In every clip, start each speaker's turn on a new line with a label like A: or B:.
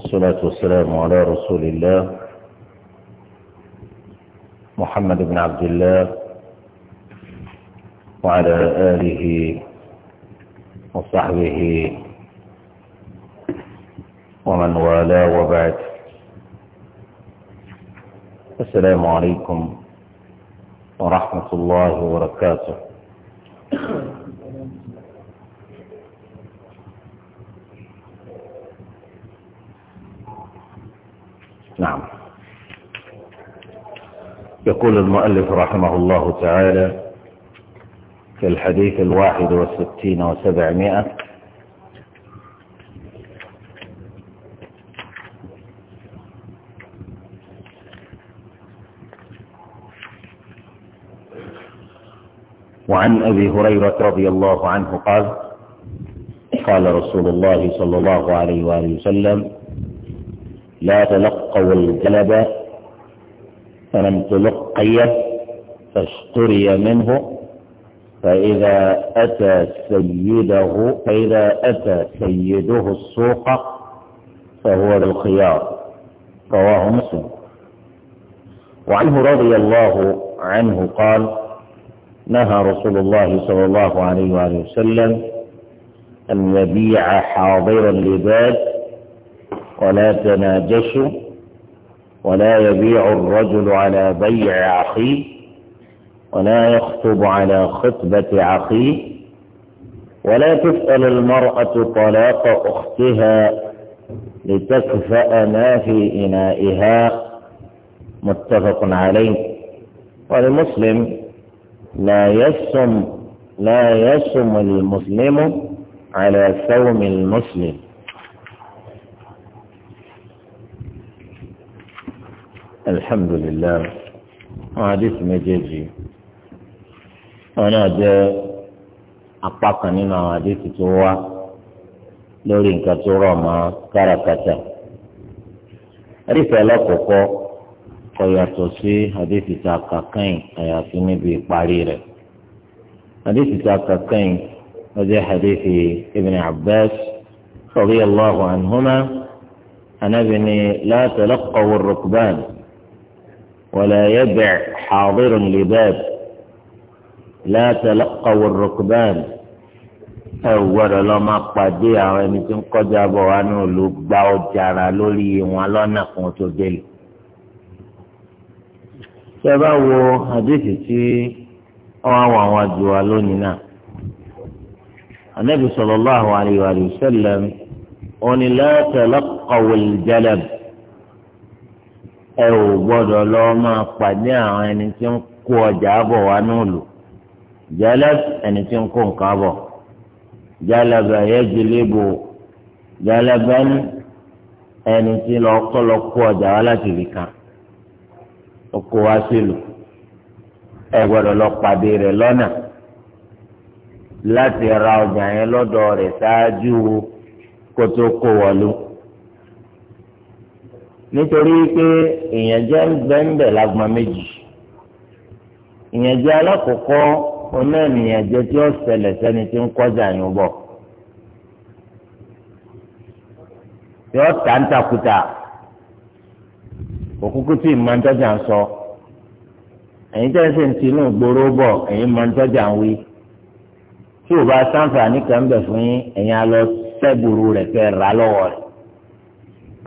A: والصلاة والسلام على رسول الله محمد بن عبد الله وعلى آله وصحبه ومن والاه وبعد السلام عليكم ورحمة الله وبركاته نعم يقول المؤلف رحمه الله تعالى في الحديث الواحد والستين وسبعمائة وعن أبي هريرة رضي الله عنه قال قال رسول الله صلى الله عليه وآله وسلم لا تلقوا الجلب فلم تلقي فاشتري منه فإذا أتى سيده فإذا أتى سيده السوق فهو بالخيار رواه مسلم وعنه رضي الله عنه قال نهى رسول الله صلى الله عليه وآله وسلم أن يبيع حاضر اللباس ولا تناجشوا ولا يبيع الرجل على بيع أخيه ولا يخطب على خطبة أخيه ولا تسأل المرأة طلاق أختها لتكفأ ما في إنائها متفق عليه والمسلم لا يسم لا يسم المسلم على ثوم المسلم alhamdulilayi àwọn àdìsí méjèèjì wọn náà jẹ apá kan nínú àwọn àdìsí tó wá lórí nǹkan tó rọ̀ mọ́ káràkátà àdìsí alákọ̀ọ́kọ́ kò yàtọ̀ sí àdìsí tá a kà kẹ́yìn àyàfi níbi ìparí rẹ̀ àdìsí tá a kà kẹ́yìn wọ́n jẹ́ àdìsí ibn Abbas radiyallahu anhuma anabini la talaqaw ar-rukban. ولا يبع حاضر لباب لا تلقوا الركبان ẹwọrọ lọ máa pàdé àwọn ẹni tí ń kọjá bọ̀ wá ní òlu gba ọjàrà lórí wọn lọ́nà kan tó délé. tẹ́ bá wo àdéhìí tí wọ́n wọ àwọn àjò wa lónìí náà. ànábì sallallahu alaihi wa sallam ó ní la talaqaw al-jalab ẹ ò gbọ́dọ̀ lọ máa pàdé àwọn ẹni tí ń kó ọjà bọ̀ wá náà lò jálẹ̀ ẹni tí ń kó nǹkan bọ̀ jálẹ̀ bẹ̀ yẹ bò jálẹ̀ bẹ́ẹ̀ ni ẹni tí lọ kọ́ lọ kó ọjà wá láti ibì kan ọkọ wa sílùú ẹ gbọ́dọ̀ lọ pàdé rẹ̀ lọ́nà láti ra ọjà yẹn lọ́dọ̀ rẹ̀ ṣáájú kótó kó wọlé nítorí pé ìyànjẹ ń bẹ́ńbẹ̀ lágbọ́n méjì ìyànjẹ alákọ̀ọ́kọ́ oná ìyànjẹ tí ó ṣẹlẹ̀ sẹ́ni tí ń kọjá yín bọ̀ tí ó tà ń takuta òkúkú tí ìmọ̀ ń tọ́jà ń sọ ẹ̀yin tẹ́ ń sè ń tinú gbòòrò bọ̀ ẹ̀yin mọ̀ ń ń wí tí ò bá sáǹfà níkan bẹ̀ fún yín ẹ̀yin alọ́ sẹ́gbòrò rẹ̀ fẹ́ rà lọ́wọ́ rẹ̀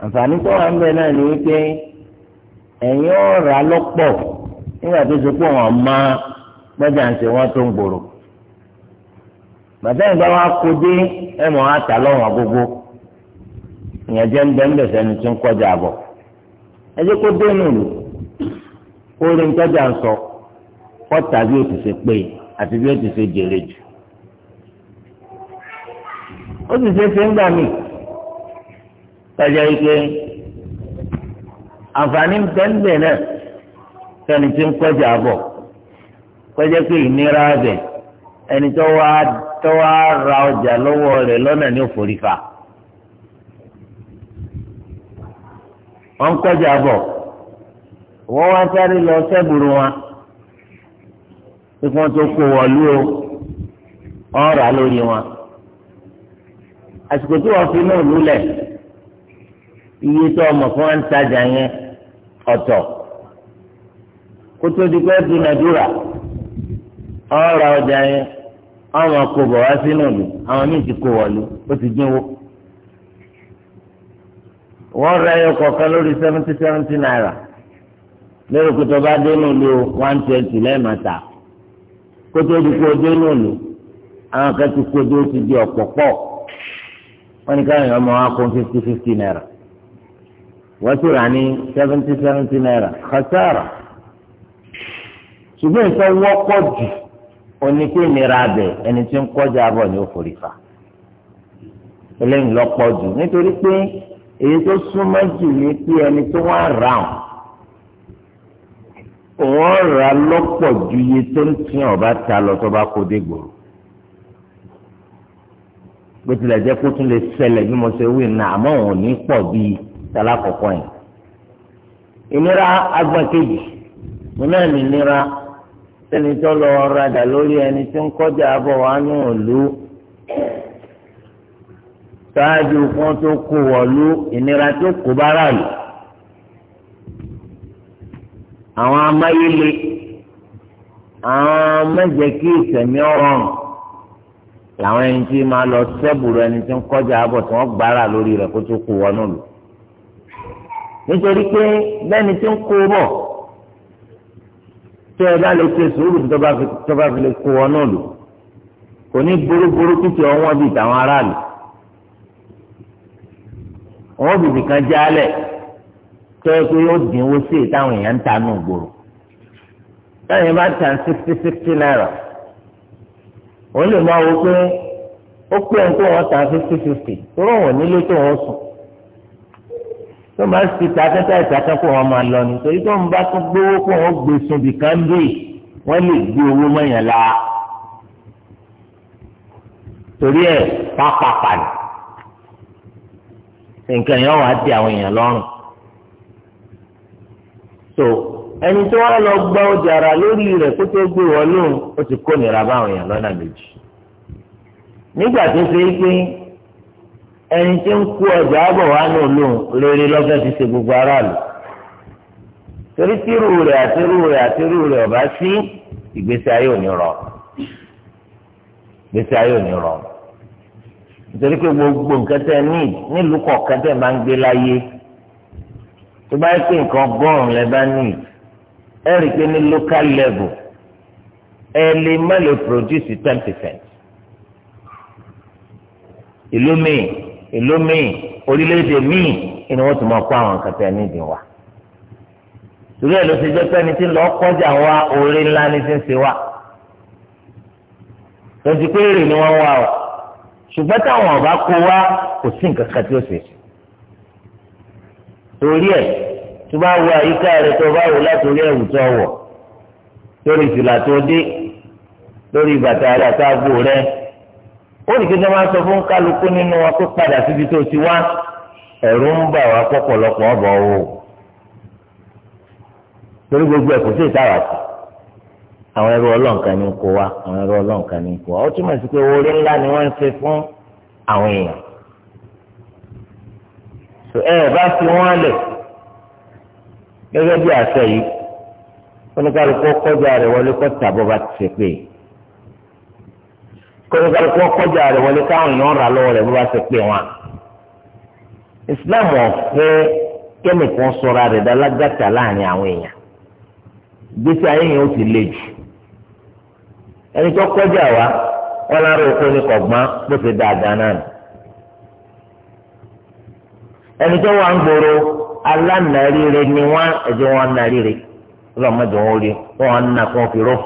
A: àǹfààní tó wà ń bẹ náà ni wípé ẹ̀yin ọ̀rà lọ́pọ̀ nígbà tó ṣe pé wọ́n máa gbọ́dọ̀ àǹtí wọn tó ń gbòòrò bàtà ìgbà wa kó dé ẹ̀mọ́ àtà lọ́wọ́n gbogbo ìyẹn jẹ́ ń bẹ́ ń bẹ̀ sẹ́ni tó ń kọjá bọ̀ ẹ jẹ́ kó dé nù lù kó rí nítọ́jà ń sọ kọ́ta bí o ti ṣe pé àti bí o ti ṣe jèrè jù ó sì ṣe é ṣe ń gbà míì tọ́jà ike àǹfààní bẹ́ẹ̀ náà fẹ́ni tí ń kọjá bọ̀ kọjá pé ìnira bẹ̀ ẹni tó wá tó wá ra ọjà lọ́wọ́ rẹ̀ lọ́nà ní òfòrífà wọ́n ń kọjá bọ̀ wọ́n wá sáré lọ sẹ́bùrù wọn pípọ́n tó kó wọ̀lú o wọ́n rà lórí wọn àsìkò tí wọ́n fi náà lulẹ̀ iye tó ọmọ fún wa ń tajà yẹn ọ̀tọ̀ kótó di pé dúnadúrà ọ̀rọ̀ ọjà yẹn ọmọ kò bọ̀ wá sínú ìlú àwọn míì ti kó wọ̀lú ó ti dínwó wọ́n ra ẹyọ kọ̀ọ̀kan lórí seventy seventy naira lórí kótó bá dé nílùú one twenty lẹ́ẹ̀mẹ́ta kótó di pé ó dé nílùú àwọn kan ti kó dé ó ti di ọ̀pọ̀ pọ̀ wọ́n káyọ̀ ọmọ wa kó fifty fifty naira wọ́n sì rà ní seventy seventy naira khasaara ṣùgbọ́n nǹkan wọ́pọ̀ jù oníkó ìnira abẹ ẹni tí ń kọjá abọ̀ ní òfòrìfà eléyìí lọ́pọ̀ jù nítorí pé èyí tó súnmọ́ jù ní pé ẹni tó wá rà ọ́ òun rà lọ́pọ̀ ju iye tó ń tì ọ̀bá ta lọ tó bá kó dé gbòòrò bó tilẹ̀ jẹ́ kó tún lè ṣẹlẹ̀ bí mo ṣe wí náà àmọ́ òun ò ní pọ̀ bíi tala kọ̀kọ́ yẹn ìnira agbọ̀n kejì mo náà ní ìnira sẹ́ni tó lọ rajà lórí ẹni tó ń kọjá bọ̀ wá ní òlu ṣáájú kan tó kó wọ̀lú ìnira tó kó bára lò àwọn amáyélé àwọn mẹjẹ kí ìsẹmí ọrọrùn làwọn ẹni tí máa lọ sẹ́bùrù ẹni tí ń kọjá bọ̀ tí wọ́n gbára lórí rẹ̀ kó tó kó wọnú lò nítorí pé lẹ́ni tí ń kó bọ̀ tí ẹ bá lè ṣe sùúrù tó bá fi lè kó ọ náà lò kò ní burúburú títí ọwọ́n bíi tàwọn aráàlú wọ́n bìbì kan jálẹ̀ tó yẹ pé yóò dínwó sí i táwọn èèyàn ń ta nù gbòòrò táwọn èèyàn bá ta sixty sixty naira òun lè máa wọ pé ó pé nǹkó wọn ta fifty fifty tó rọ̀ wọ́n nílé tó wọ́n sùn tó máa ń ti ta tẹ́tẹ́ ìtàkùn kó wọn máa lọ ni torí tó ń bá tó gbówó kó wọn gbé sunbi kan dé wọn lè gbé owó mọ̀yàn la torí ẹ̀ pápápá ni nǹkan yẹn wàá di àwọn èèyàn lọ́rùn so ẹni tó wá lọ gbọ́ ọjà ara lórí rẹ̀ kó tó gbé wọn lóhùn ó ti kó nira báwọn èèyàn lọ́nà méjì nígbà tó ṣe é pé ẹni tí ń kó ọjà àbọ̀ wá ní olóhùn rere lọ́fẹ́ fi ṣe gbogbo aráàlú torí tírú rẹ̀ àtirú rẹ̀ àtirú rẹ̀ ọ̀bá sí ìgbésí ayé òní rọ ìgbésí ayé òní rọ nítorí pé gbogbo nǹkan tẹ ní nílùú kọ̀ọ̀kan tẹ máa ń gbé láyé tó bá pè nǹkan ọgọ́rùn-ún lẹ bá ní ẹ rí i pé ní local level ẹ lè má lè produce ten percent ìlú míì ìlú míì orílẹ̀-èdè míì ni wọ́n ti máa kó àwọn nǹkan tẹ̀ nídìí wa. torí ẹ̀ ló ti jẹ́ pé tí ń kọjá wa orí ńlá ni ti ń ṣe wa. lọ́sí pé èrè ni wọ́n wá o ṣùgbọ́n táwọn ọ̀bá kó wa kò sí nǹkan kan tí ó ṣe. torí ẹ̀ tó bá wo àyíká rẹ̀ tó bá wò láti ẹ̀wù tó wọ̀ lórí ìfìlà tó dé lórí bàtà rẹ̀ àtàgbò rẹ̀ ó ní kíkẹ́ máa sọ fún kálukú nínú wa kó padà síbi tó ti wá ẹ̀rù ń bà wá pọ̀pọ̀lọpọ̀ ọ̀bọ̀ o torí gbogbo ẹ̀ sí ìtara sí àwọn ẹrú ọlọ́ǹkan ní kó wa àwọn ẹrú ọlọ́ǹkan ní kó wa ó túmọ̀ sí pé orí ńlá ni wọ́n ń ṣe fún àwọn èèyàn tó ẹ bá fi wọ́n lẹ̀ gẹ́gẹ́ bí àṣẹ yìí oníkálukú kọjá rẹ̀ wọlé kọ́ tàbọ̀ bá ti ṣe pé yìí. kọ́nìkàlùkù ọkọjà rẹ̀ wọlé káwọn èèyàn rà lọ́wọ́ rẹ̀ bí wọ́n ti wọn. Islam ọ̀fẹ́ kẹ́mìkan sọra rẹ̀ dálágàtà láàrin àwọn èèyàn gbèsè ayé yẹn ó ti le jù ẹni tó kọjá wa wọn lára òkú ni kọ̀gbọ́n bó ti da àga náà ni ẹni tó wà ń gbòòrò ni wọn wọn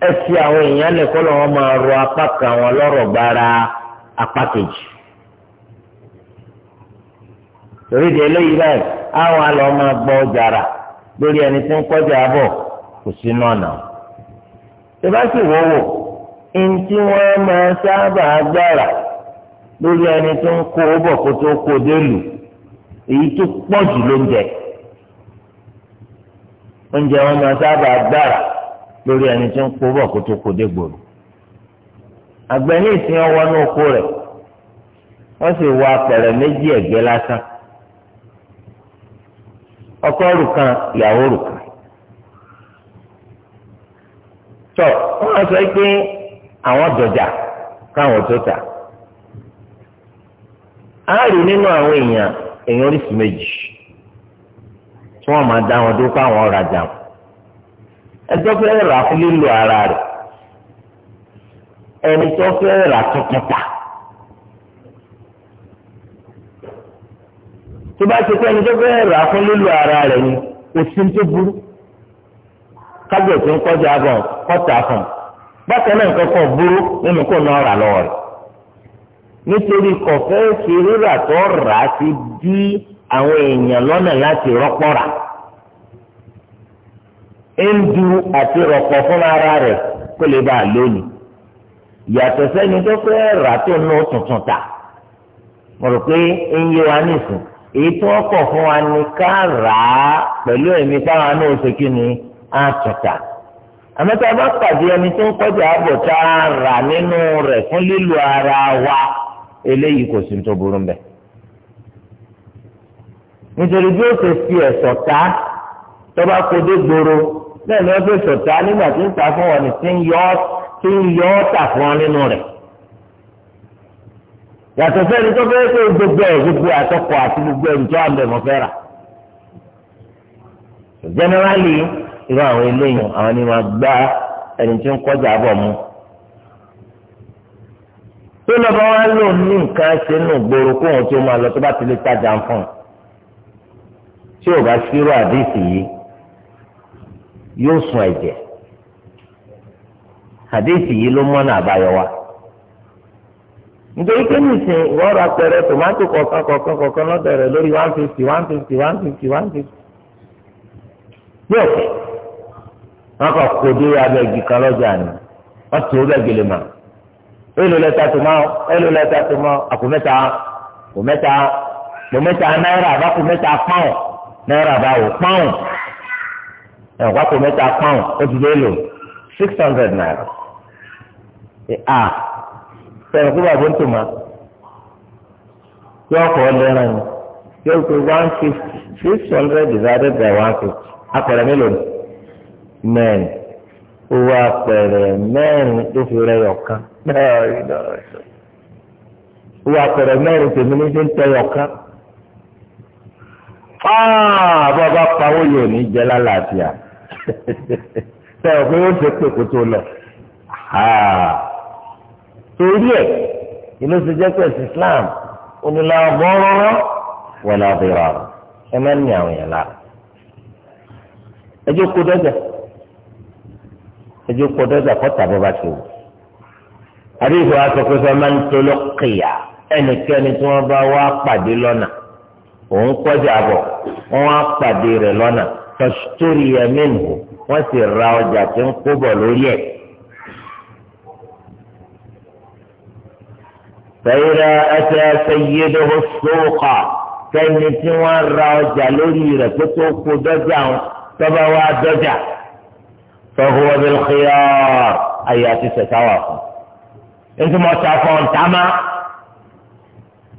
A: ẹ àwọn èèyàn lẹ kọ́ lọ́wọ́ máa rọ apá kan lọ́rọ̀ gbára apá kejì torí di eléyìí báyìí àwọn àlọ́ máa gbọ́ jàrà lórí ẹni tí ń kọjá bọ̀ kò sínú ọ̀nà tẹ́bá sì wọ́wọ́ ntí wọ́n máa sábà gbára lórí ẹni tó ń kó bọ̀ kó tó kó dé èyí tó pọ̀ jù lóúnjẹ oúnjẹ wọn máa sábà gbára. lórí ẹni tí ń kó bọ̀ kó tó kó dé gbòòrò àgbẹ̀ ní ìsìn ọwọ́ ní oko rẹ̀ wọ́n sì wọ apẹ̀rẹ̀ méjì ẹ̀gbẹ́ lásán ọkọ ìyàwó tọ wọ́n sọ pé àwọn dọjà káwọn tó tà á rí nínú àwọn èèyàn èèyàn oríṣi méjì tí máa dá wọn dúró ẹjọ́ fẹ́ rà fún lílo ara rẹ̀ ẹni tó fẹ́ rà tuntun ta. tó bá ti pẹ́ ẹni tó fẹ́ rà fún lílo ara rẹ̀ ni òfin tó burú kábíyèsí ń kọjá bọ̀ kọ́ta fún un bákan náà nǹkan kan burú nínú kó náà rà lọ́wọ́ rẹ̀ nítorí kọ̀fẹ́ fi rírà tó rà á ti dí àwọn èèyàn lọ́nà láti rọ́pọ̀ rà ń du àti rọ̀pọ̀ fún ara rẹ̀ kó lè bá a lónìí yàtọ̀ sẹ́ni tó fẹ́ rà tó nù tuntun ta mo rò pé ń yé wa nìsín èyí tí wọ́n kọ̀ fún wa ni ká rà á pẹ̀lú ẹ̀mí táwọn náà ṣe kí ni á tún ta àmọ́tá bá pàdé ẹni tó ń kọjá àbọ̀ tá a rà nínú rẹ̀ fún lílo ara wa eléyìí kò sí tó burú mbẹ nítorí bí ó ṣe fi ẹ̀sọ̀ ta tó bá kó dé gbòòrò náà ni wọ́n fi sọ̀tà nígbà tí ń ta fún wọn ní tí ń yọ ọ́ tí ń yọ ọ́ tà fún ọ nínú rẹ̀. yàtọ̀ sẹ́ni tó fẹ́ pé gbogbo ẹ̀ gbogbo àtọkọ̀ àti gbogbo ẹ̀ njọ́ àbẹ̀ mọ́ fẹ́ rà. generally irú àwọn eléyìí àwọn ni máa gbá ẹni tí ń kọjá bọ̀ mu. tó lọ́ba wá lò ní nǹkan ṣe nù gbòòrò kóhun tí máa lọ tó bá ti lè tajà fún un. tí ò bá ṣírò àdéhìí yóò sun ẹ̀jẹ̀ àdéhìí yìí ló mọ́nà àbáyọ wa nítorí pé nìsín wọ́n ra pẹ̀rẹ̀ tomato kọ̀ọ̀kan kọ̀ọ̀kan kọ̀ọ̀kan lọ́dọ̀ lórí one fifty one fifty one fifty one fifty bí ọ̀pẹ̀ wọ́n kọ̀ kó dé kan lọ́jà ni wọ́n tó lẹ́ta lẹ́ta ẹ̀ wá kó mẹ́ta pọ́ùn ó ti lé lò six hundred naira à sẹ́yìn kó bàbá ń tò má yọ ọkọ̀ ọlẹ́rìn ni yóò pé one fifty six hundred divided by one fifty akọ̀rẹ́ mélòó mẹ́rin owó apẹ̀rẹ̀ mẹ́rin tó fi rẹ̀ yọ̀kan owó apẹ̀rẹ̀ mẹ́rin tèmi ní fi ń tẹ̀ yọ̀kan bàbá pawó yóò ní jẹ́ lálàáfíà tẹ ọ pé ó ṣe pé kó tó lọ torí ẹ ìlú ti jẹ́ pé ẹ̀sìn Islam onílà bọ́rọ́rọ́ wọlé àbẹ̀rẹ̀ àrùn ẹ máa ń ní àwọn yẹn lára ẹjọ́ kó dọ́jà ẹjọ́ kó dọ́jà kọ́ta bó bá ti wù àdéhùn asọ̀kọsọ máa ń tolọ́ kìyà ẹnikẹ́ni tí wọ́n bá wá pàdé lọ́nà òun kọjá bọ̀ wọ́n wá pàdé rẹ̀ lọ́nà. فاشتري منه وسر وجهة قبل يد فإذا أتى سيده السوق كان تنوار وجلوري ركتوك دجا تبوا دجا فهو بالخيار أياتي ستواصل أنتم تعرفون تعمى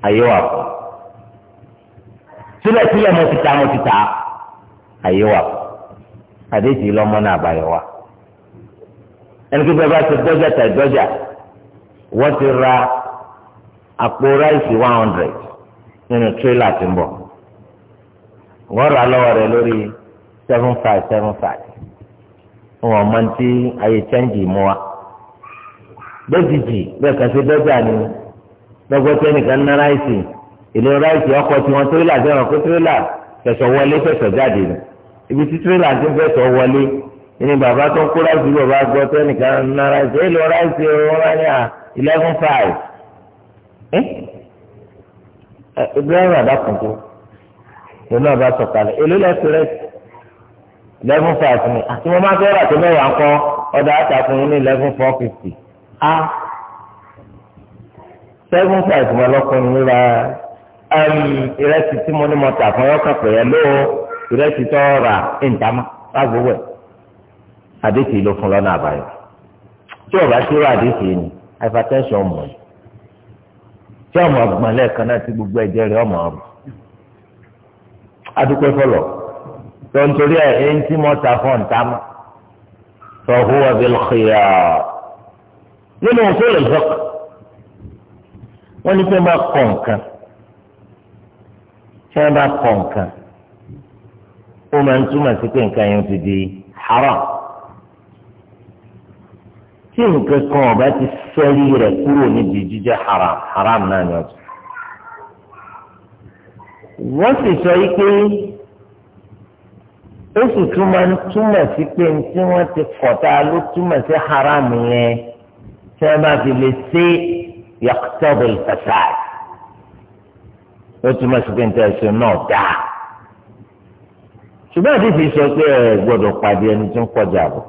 A: أيوة سلة سلة مو تتعمى تتعمى àyè wà àdéhìí lọ́mọ náà àbáyọ wà ẹni pé bẹ́ẹ̀ bá ti dọ́jà tà dọ́jà wọ́n ti ra àpò ráìsì one hundred nínú tírélà tí ń bọ̀ wọ́n rà lọ́wọ́ rẹ̀ lórí seven five seven five wọn máa ń tí ayé chẹ́ǹgì mú wa lójijì bẹ́ẹ̀ kan ṣe dọ́jà ni lọ́gbọ́tẹ́ nìkan ná ráìsì ìlú ráìsì ọkọ̀ tí wọ́n tírélà sẹ́wọ̀n kó tírélà tẹ̀sọ̀ wọlé tẹ̀sọ̀ jáde ni ibi tí tírélà ti ń fẹsọ̀ wọlé ní bàbá tó kó láti bàbá gbọ́ tó nìkan ná ráìsì ẹ lọ ráìsì ẹ wọ́n rà ní à ah, eleven five ẹ ibrahim adakunto lónà náà bá sọ̀kalẹ̀ èló lẹ́sẹ̀ rẹ̀ eleven five ni àti ah, wọ́n máa fẹ́ rà tó mẹ́wàá ń kọ́ ọ̀dà àtàkùn ní eleven four fifty a seven five mọ́ lọ́kùnrin rà ìrẹsì tí mo ní mọ́ta fún ọkàn pẹ̀lú o ìrẹsì tọ́ ra ìntàmá lágbówó ẹ̀ àdéhì ló fún lọ́nà àbáyọ tí ọba tí ó rà àdéhì ni hypertension mọ̀ ẹ́ tí ọmọ ọgbọ̀n lẹ́ẹ̀kan náà ti gbogbo ẹ̀jẹ̀ rẹ̀ ọmọ ọ̀rọ̀ adúpẹ́ fọlọ̀ tó ń torí ẹ̀ ẹ̀ ń tí mọ́ ta fún ìntàmá tó hu ọbẹ̀ lọ́kìyà nínú òfin lè zọ́k wọ́n ní pé máa kọ̀ nǹkan tí wọ́n bá kọ̀ nǹkan ó máa ń túmọ̀ sí pé nǹkan yẹn ti di haram
B: tí nǹkan kan ọba ti sẹ́rí rẹ̀ kúrò níbi
A: jíjẹ́ haram haram náà ni ọ̀tún. wọ́n sì sọ yìí pé ó sì tún máa ń túmọ̀ sí pé tí wọ́n ti kọ̀tà ló túmọ̀ sí haram yẹn tí wọ́n bá fi lè ṣe yàtọ̀ bẹ̀rẹ̀ fàṣà ó túmọ̀ sí pé nǹkan ẹ̀sìn náà dáa ṣùgbọ́n àti fi sọ pé ẹ gbọ́dọ̀ pàdé ẹni tí ń kọjá bọ̀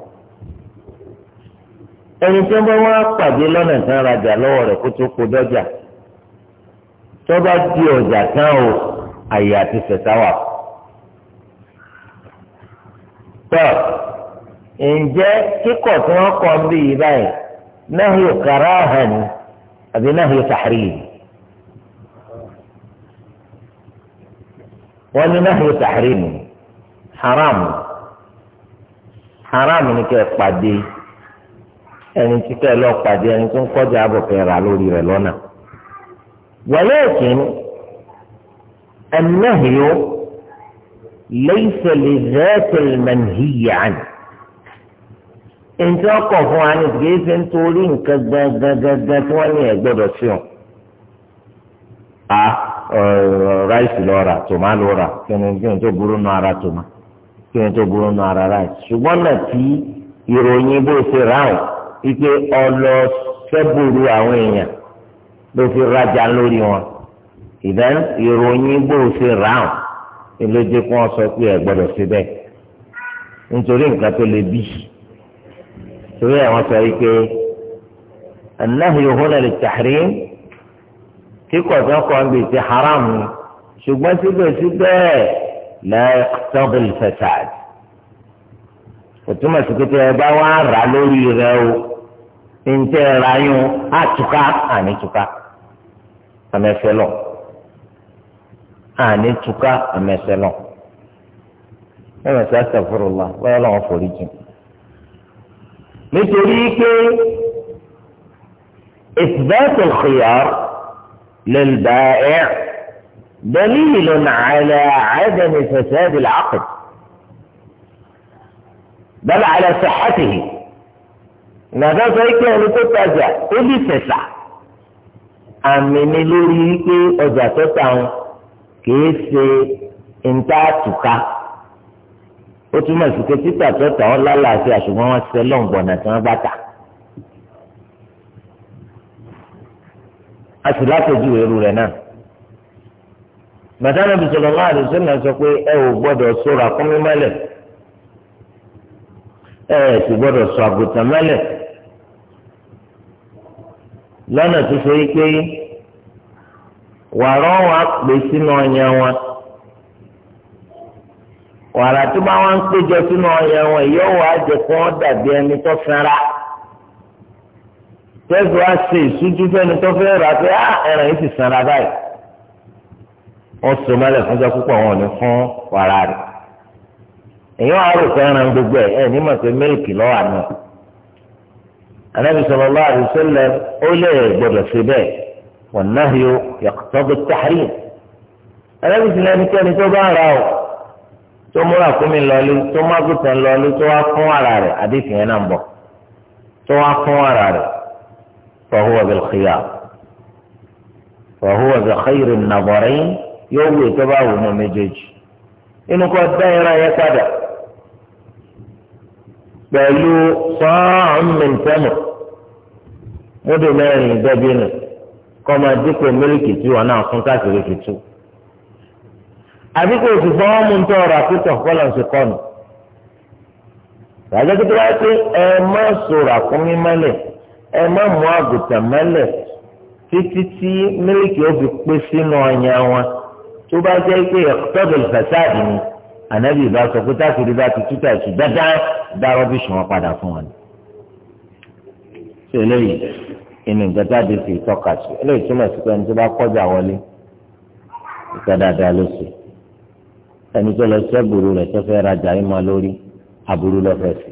A: ẹni tí wọ́n wá pàdé lọ́nà tán rajà lọ́wọ́ rẹ̀ kó tó kó dọ́jà tó bá di ọjà tán o àyè àti fẹ̀sà wà. tọ́ ǹjẹ́ kíkọ̀ tí wọ́n kọ́ bí yìí báyìí náà yóò kára hàn àbí náà yóò tàhárí yìí. wọ́n ní náà yóò tàhárí nìyí haram haram ni kẹ́ ẹ pàdé ẹni tí kẹ́ ẹ lọ pàdé ẹni tó ń kọjá àbọ̀ kẹ́ ẹ rà lórí rẹ̀ lọ́nà walakin an-nahy laysa li dhati al-manhiy anhu ǹjẹ́ ọkọ̀ fún wa ní kìí ń torí nǹkan gangan tí wọ́n ní ẹ̀ sí ọ̀ a ráìsì lọ rà tòmá lọ rà kí ni kí ni tó burú nù ara tòmá kí wọn tó burú nù ara ráì ṣùgbọ́n náà tí ìròyìn bó ṣe ráì wípé ọlọ sẹ́bùrú àwọn èèyàn ló fi rajà lórí wọn ìdán ìròyìn bó ṣe ráì ìlójú kí wọn sọ pé ẹ gbọ́dọ̀ ṣe nítorí nǹkan tó lè bí torí àwọn sọ wípé anáhìí hùnà lè tàrí kíkọ̀ tó kọ́ haram ṣùgbọ́n síbẹ̀síbẹ̀ lẹ́ẹ̀ tọ́bìlì fẹ̀tàdì òtúmọ̀ sí pé tẹ ẹ bá wá rà lórí rẹ o ntẹ ẹ rà yún àtúká ànítúká àmẹsẹlọ ànítúká àmẹsẹlọ ẹmẹsẹ àtẹfúrúlá wáyé lọ́wọ́ forí jù nítorí pé ìsìbẹ́ẹ̀tì xìyà lè bá ẹ̀. دليل على عدم فساد العقد بل على صحته nàbà sọ pé ẹni tó tajà ó lè fẹsà àmì ni lórí wípé ọjà tó ta wọn kìí ṣe ntàtùkà ó túmọ̀ sí pé títà tó ta wọn lálàáfíà ṣùgbọ́n wọn ṣe lọ́ngbọ̀nà tí wọ́n bá tà. a sì látọ̀jú ẹrú rẹ̀ náà. bàtàlà bisalòmá àdùsọ́nà sọ pé ẹ ò gbọ́dọ̀ sọ ràkúnmí mọ́lẹ̀ ẹ ẹ sì gbọ́dọ̀ sọ àgùntàn mọ́lẹ̀ lọ́nà tó ṣe é pé wàrà wọn á pè sínú ọyàn wọn wàrà tó bá wọn ń péjọ sínú ọyàn wọn yóò wá jẹ kó wọn dàbí ẹni tó wá ṣe ìṣújú fẹ́ni tó fẹ́ rà pé ah, ẹ̀ràn yìí ti sanra báyìí. wọ́n so má lẹ fún sẹ́kù púpọ wọn ò ní fún wàrà rẹ̀ èyí wọn àrò fẹ́ràn gbogbo ẹ̀ ẹ̀ ní nímọ̀ pé mílìkì lọ́wọ́ àná anabi sọlọ sallallahu alaihi sẹlẹ̀ ó lè gbọdọ̀ sí bẹ́ẹ̀ wọn náà yóò yàtọ̀ bí tààrí anabi sì lẹ́nu kẹ́ni tó bá ra ọ tó múra kúmi lọlé tó má mágùtàn lọlé tó wá fún wàrà rẹ̀ àdéhùn yẹn náà ń bọ̀ tó wá fún wàrà rẹ̀ fa huwa xìyà khiyar fa huwa bi khayri yóò wù tó bá wù nù méjèèjì inú kọ́ dá ẹran yẹn padà pẹ̀lú sọ́ọ̀n mẹ́ntẹ́mù múdù mẹ́rin dẹ́bínú kọ́ máa dípò mílíkì tí wọn náà fún káàkiri kìtú àbí kò sì fọwọ́ mú tó ọ̀rọ̀ àkútọ̀ kọ́lọ̀ kọ́nù ìdájọ́ tó bá pé ẹ má sọ̀rọ̀ àkúnmí mẹ́lẹ̀ ẹ má mú àgùntàn mẹ́lẹ̀ títí tí mílíkì ó fi pé sínú ọyàn wọn tó bá jẹ́ pé ẹ̀kọ́tọ̀bẹ̀lì fasáàdì ni ànábì bá sọ pé táàkiri bá ti túta ẹ̀sùn dáadáa dá rọ́bìṣì wọn padà fún wọn. ṣé eléyìí inú nǹkan jáde fi tọ́ka sí eléyìí túmọ̀ sí pé ẹni tó bá kọjá wọlé ìka dáadáa ló ṣe ẹni tó lọ sí ẹ̀bùrú rẹ̀ tó fẹ́ rajà ìmọ̀ lórí aburú lọ́fẹ̀ẹ́ sí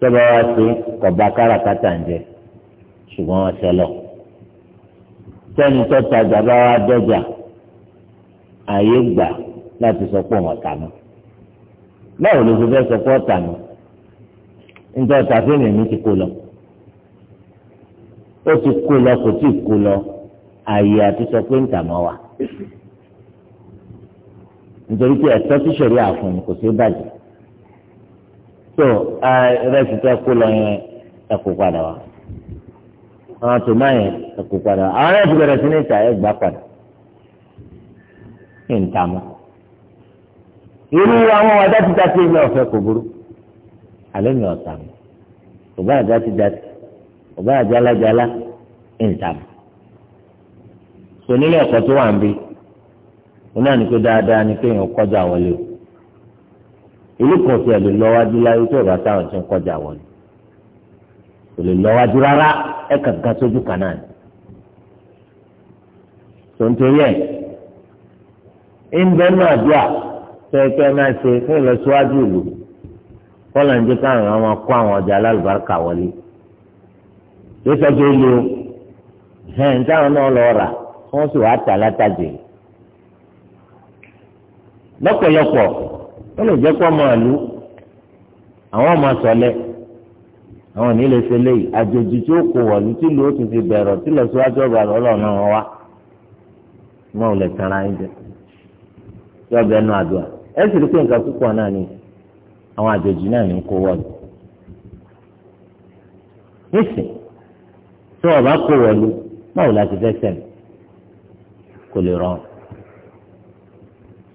A: tọ́ba wá sí kọ̀ọ̀bá káràkátà ń jẹ ṣùgbọ́n wọ́n ṣẹlọ̀ tẹ́ni tó tajà bá wá dọ́jà ààyè gbà láti sọ pé wọn tànú báwo ló ti fẹ́ sọ pé wọn tànú níta ọ̀tà fíìmù mi ti kó lọ ó ti kó lọ kò tí ì kó lọ ààyè àti sọ pé ń tàmọ́ wa nítorí pé ẹ̀tọ́ tí sọ̀rí àfọ̀n kò sí bàjẹ́ tó rẹ́sì tẹ́ kó lọ yẹn ẹ padà wá àwọn tòmáyẹn ẹ padà wá àwọn ẹ̀sìn bẹ̀rẹ̀ sí ní ìta ẹ padà. ní ìtààmú. irú àwọn ọ̀dà ti dá sí ilé ọ̀fẹ́ kò burú alẹ́ mi ọ̀tà mi ọba àdá ti dá sí ọba àjálajàlá n ìtààmú. sọ nílé ẹ̀kọ́ tó wà ń bí náà ní pé o ìlú kan tiẹ̀ lè lọ láyé tó nkọja táwọn ti ń kọjá wọlé kò lè ńbẹ náà dùà kẹkẹ máa ṣe fún ìlọsíwájú ìlú kọlà ń jẹ káwọn ọmọ kó àwọn ọjà alálùbáríkà wọlé yóò sọ pé hẹn táwọn náà lọ rà wọn sì wàá tà látàjẹ lọ́pọ̀lọpọ̀ wọn lè jẹ ọmọ àlú àwọn ọmọ sọlẹ àwọn ní lè ṣe léyìí àjòjì tí ó kó tí ìlú ó ti fi tí ìlọsíwájú yọ ọbẹ̀ nù àdúrà ẹ sì rí pé nǹkan púpọ̀ náà ni àwọn àjèjì náà ní kó wọlé nísìn tí wọn bá kó wọlé báwo la ti fẹ́ sẹ́mi kò lè rán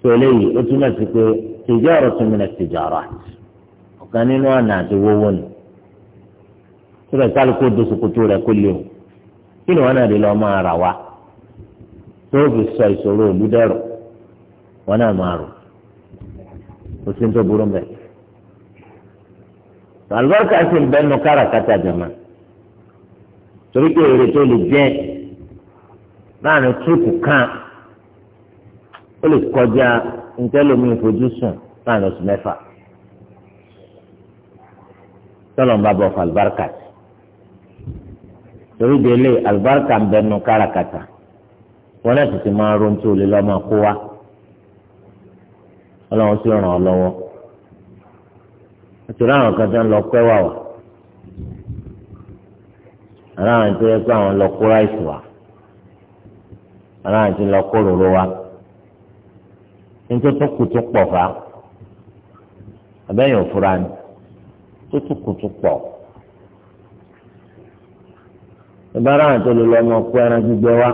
A: tó léyìí ó túmọ̀ sí pé tijaratun min at-tijarat ọ̀kan nínú ọ̀nà àti wọ́wọ́ nù tó lè dosokoto rẹ̀ kó léwu kí ni wọn náà sọ ìṣòro òlú dẹ̀rọ̀. wọn náà máa rò kò sí ní tó burú mbẹ àlùbáríkà sì ń bẹnu káràkátà jàmá torí pé èrè tó lè jẹ láàrin túùpù kan ó lè kọjá ntẹ́lómi ìfojúsùn láàrin oṣù mẹ́fà tọ́lọ̀ bọ̀ fún àlùbáríkà torí délé àlùbáríkà ń bẹnu káràkátà wọn náà sì máa ronú tó lè lọ́mọ kó wa ọlọ́run sì ràn ọ́ lọ́wọ́ àtúrà àwọn kan tó ń lọ pẹ́ wà wà ara àwọn tó yẹ pé àwọn lọ kó ráìsì wà ara àwọn tó lọ kó ròró wà nítorí tó kù tó pọ̀ fà abẹ́yẹn òfurá ni tó tó kù tó pọ̀ ìbára àwọn tó lè lọ ọmọ ọkọ ẹran gbígbẹ wá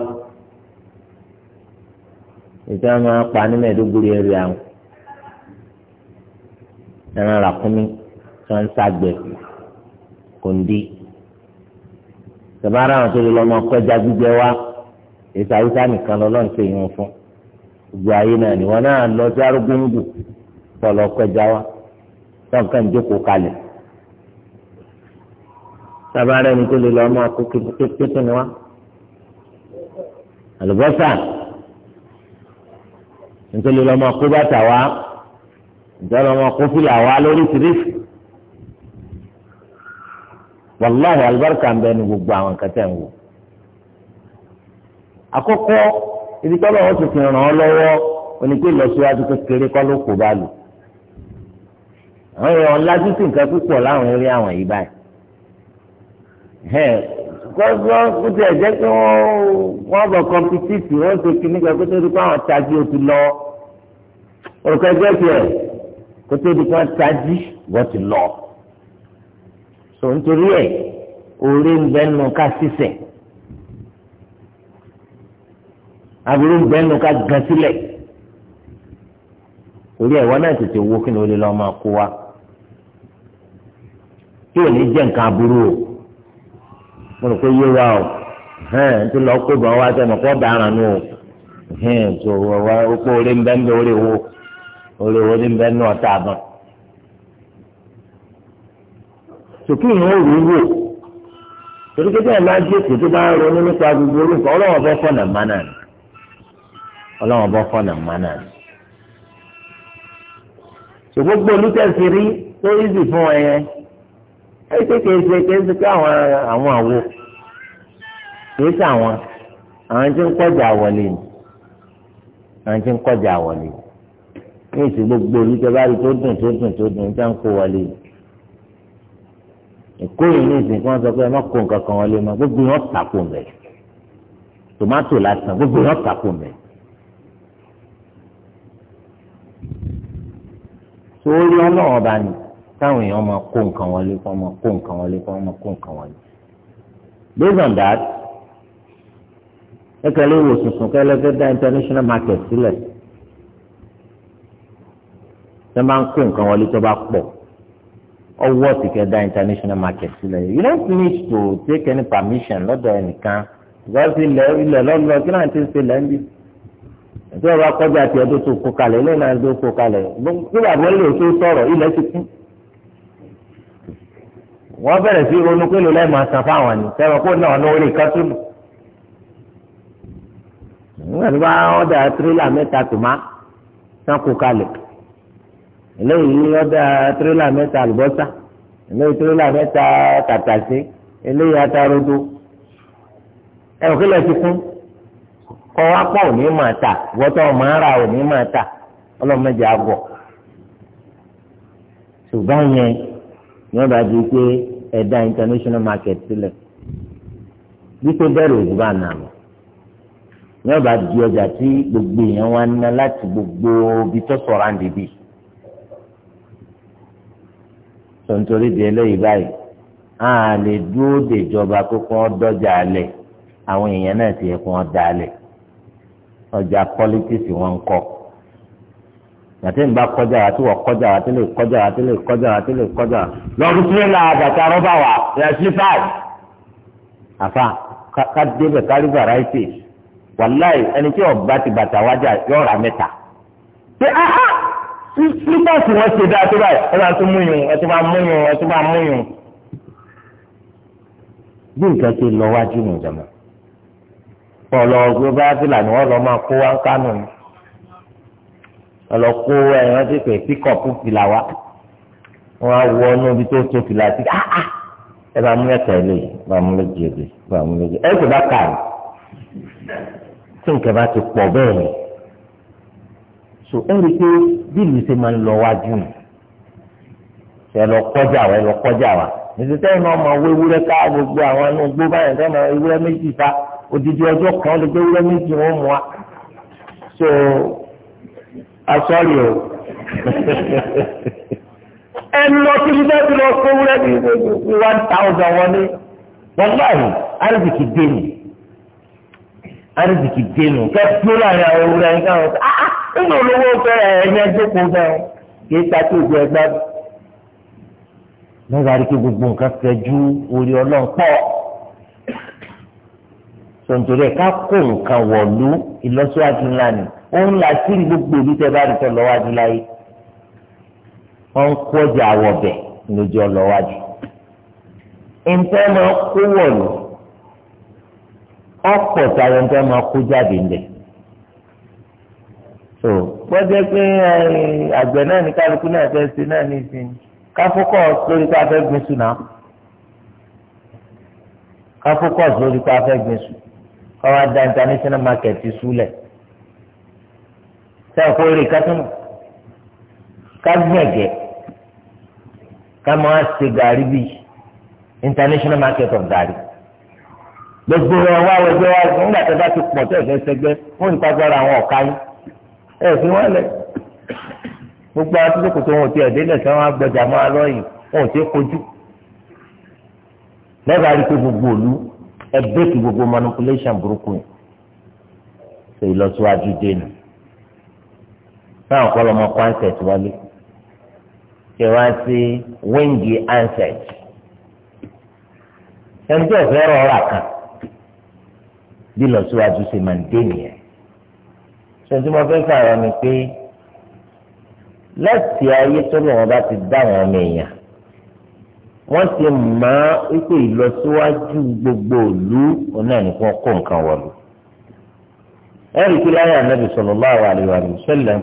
A: ìtàn máa pa ní mẹ́ẹ̀ẹ́dógún ẹ̀rí àwọn ẹran ràkúnmí tí wọ́n ń ságbẹ̀ kòǹdí tẹ̀bára àwọn tó lè lọ́mọ kọjá gbígbẹ́ wá èsì àwùjá nìkan lọ́lọ́run ṣe yín fún gbogbo ayé náà ni wọ́n náà lọ sí arúgbóńgò tó lọ kọjá wá tọ́n kàn jókòó kalẹ̀ tẹ̀bára ẹni tó lè lọ́mọ kó kékeré wá àlùbọ́sà nítorí lọ́mọ kó bàtà wá ìjọba ọmọ kó fìlà wá lóríṣiríṣi wàláhì alibarika ń bẹ ní gbogbo àwọn nǹkan tẹ̀ ń wò. àkọ́kọ́ ibi tọ́lọ̀ wọn ti fi ràn án lọ́wọ́ onígbé ìlọsíwájú kékeré kọ́ ló kó bá lò. àwọn èèyàn ńlájú sí nǹkan púpọ̀ láwọn eré àwọn yìí báyìí. gbọ́dọ̀ kó tiẹ̀ jẹ́ kí wọ́n bọ̀ kọ́mpitíìtì wọ́n ti kí nígbà pé tó ti kó àwọn tají o ti lọ. òrùka ẹgbẹ́ tiẹ̀. kótó ibi kan tají wọ́n ti lọ. sọ nítorí e. orí ń bẹ́ nù ká e. aburú ń bẹ́ nù ká gan sílẹ̀ torí ẹ̀wọ́n náà tètè kí ni máa kó wa ò ní nǹkan aburú o mo rò pé yé wa o hẹ́n tó lọ́ọ́ kó bọ̀ wá sẹ́nu kó nù o tó wọ́n wá ó pé olówó ní bẹ́ẹ̀ náà tá a sùkúù yẹn ò rí wò torí pé bẹ́ẹ̀ máa jẹ́ ètò tó bá ń ronú nípa gbogbo orúkọ ọlọ́wọ́ bọ́ fọ̀nà mánà ni ọlọ́wọ́ bọ́ fọ̀nà mánà ni. gbogbo olùtẹ̀sí tó yíṣì fún ọ yẹn ẹ ṣe kìí ṣe àwọn àwọn àwo kìí ṣe àwọn tí ń kọjá wọlé ni àwọn tí ń kọjá wọlé ni ní ìsìn gbogbo yìí tẹ bá rí tó dùn tó dùn tó dùn níta ń kó wọlé èkó yìí ní ìsìn kí wọ́n sọ pé ẹ má kó nǹkan kan wọlé mọ́ gbogbo yìí wọ́n tàkó mẹ́ tòmátò lásán gbogbo yìí wọ́n tàkó mẹ́. sórí ọlọ́wọ́ bá ní táwọn èèyàn máa kó nǹkan wọlé kó máa kó nǹkan wọlé kó máa kó nǹkan wọlé based on that ẹ kẹ́lẹ́ ìwòsùn sùn kẹ́lẹ́ fẹ́ dá international market sílẹ̀. Si tẹ́ máa ń kó nǹkan wọlé tó bá pọ̀ ọwọ́ ti kẹ́ da international market sílẹ̀ you don't need to take any permission lọ́dọ̀ ẹnìkan because ilẹ̀ ilẹ̀ lọ́lọ́ kí náà ti ń ṣe lẹ́ńdì tí wọ́n bá kọjá àti ẹ̀dọ́ tó kó kalẹ̀ ilé náà tó kó kalẹ̀ bí bàbá ilé tó sọ̀rọ̀ ilẹ̀ ti kú wọ́n bẹ̀rẹ̀ sí ronú pé lóla ẹ̀ máa san fáwọn ni sẹ́wọ̀n kó náà ní orí kan nígbà tí wọ́n dà tírélà mẹ́ta tó má sanko kalẹ̀ eléyìí ọ̀dà tírélà mẹ́ta àlùbọ́sà eléyìí tírélà mẹ́ta tàtàṣé eléyìí atarodo ẹ ò kílẹ̀ ti kún kọ́ wá pọ̀ òní máa tà wọ́tọ̀ máa ra òní máa tà ọlọ́mọdé àgọ̀ ṣùgbọ́n yẹn ni wọ́n bá di pé ẹ̀dá international market sílẹ̀ wípé bẹ́ẹ̀rù òjò bá nà lọ ni wọ́n bá di ọjà tí gbogbo èèyàn wá ná láti gbogbo ibi tó sọ̀rọ̀ àǹdí bíi sọ̀ntorí di eléyìí báyìí a lè dúró dèjọba kókó dọ́jà alẹ̀ àwọn èèyàn náà ti yẹ kó wọ́n dá alẹ̀ ọjà pọ́lítíìsì wọn ń kọ́ yàtí n bá kọjá wa tí wọ́n kọjá wa tí lè kọjá wa tí lè kọjá wa tí lè kọjá wa lọ́dún tí lè la àgàtà rọ́bà wa yẹ sí báyìí àfa ká débẹ̀ kárí variety wàláì ẹni tí ọba ti bàtà wájà yọ̀ọ̀ra mẹ́ta ṣé áhà nígbàtí wọ́n ṣe dáa tó báyìí ẹ bá tún mú yun ẹ tún bá mú yun ẹ tún bá mú yun. bí nǹkan ṣe lọ wájú nù jàmọ ọlọ ọgbẹ bá fìlà ni wọ́n lọ máa kó wá ń kánú ni ọlọ kó ẹran ti pè píkọpù fìlà wa wọ́n á wọ inú ibi tó tó fìlà sí ah, ah. ẹ bá mú ẹ̀tọ́ ilé bá mú lójú ẹgbẹ bá mú lójú ẹ bá kà ní tí nǹkan bá ti pọ̀ bẹ́ẹ̀ so ẹ̀rí pé bí ìlú ṣe máa ń lọ wájú nù ṣe lọ kọjá wa ẹ lọ kọjá wa nítorí tẹ́yìn náà máa wọ ewúrẹ́ ká gbogbo àwọn inú gbó báyìí tẹ́yìn náà ewúrẹ́ méjì ta odidi ọjọ́ kan lè gbé ewúrẹ́ méjì wọn mú wa so asọ́rì o ẹnu lọ síbi bẹ́ẹ̀ ti lọ kó ewúrẹ́ bíi one thousand wọn ní wàláhì arzikì dénú arzikì dénú kẹ́ẹ́ tó láàrin àwọn ewúrẹ́ yẹn káwọn ah ah nínú olówó fẹ́ ẹni ẹgbẹ́ kan fẹ́ kí ta tó gbẹ gbádùn. lọ́gbàá rí kí gbogbo nǹkan kẹjú orí ọlọ́run pọ̀ sọ̀tòrẹ́ ká kó nǹkan wọ̀lú ìlọsíwájú ńlá ni òun là sí gbogbo ìlú tẹ́ bá rí tọ́ lọ́wájú láyé wọ́n ń kó ọjà àwọ̀bẹ̀ lójú ọlọ́wájú. ìǹtẹ́ máa kó wọ̀lú ọ̀pọ̀ tayọ̀ ìǹtẹ́ máa kó jáde ńlẹ̀ so gbọ́dọ̀ pé eh, àgbẹ̀ náà ní kálukú náà fẹ́ ṣe náà ní ìsìn káfọ́kọ̀ na, pé a gbin sùn náà káfọ́kọ̀ lórí pé a gbin sùn káwá da international market súlẹ̀ sẹ́yìn kó rí kátánù ká gbìn ẹ̀gẹ́ ká máa ṣe gàrí bíi international market of gàrí gbogbo nígbà ẹ fi wọn lẹ gbogbo àtúntò tó wọn ti ẹdẹ lẹsẹ wọn agbọjà mọ alọ yìí wọn ò ti kojú lẹba àdìpé gbogbo òlu ẹgbẹ kí gbogbo manipulation burúkú yìí ṣe ìlọsíwájú dénú náà kọ́ lọ́mọ kó ansẹ̀t wọlé ṣe wá sí wíńgì ansẹ̀t ẹni tí ọ̀fẹ́ rọra kan bí ìlọsíwájú ṣe máa ń dé nìyẹn sọtí mo fẹ́ fààrọ̀ ni pé láti ayé tó lọ́wọ́ bá ti dá àwọn ọmọ èèyàn wọ́n ti mọ wípé ìlọsíwájú gbogbo ìlú náà ní wọ́n kó nǹkan wọ̀lú. ẹ̀rí pé láyé ànábì sallallahu alaihi wa sallam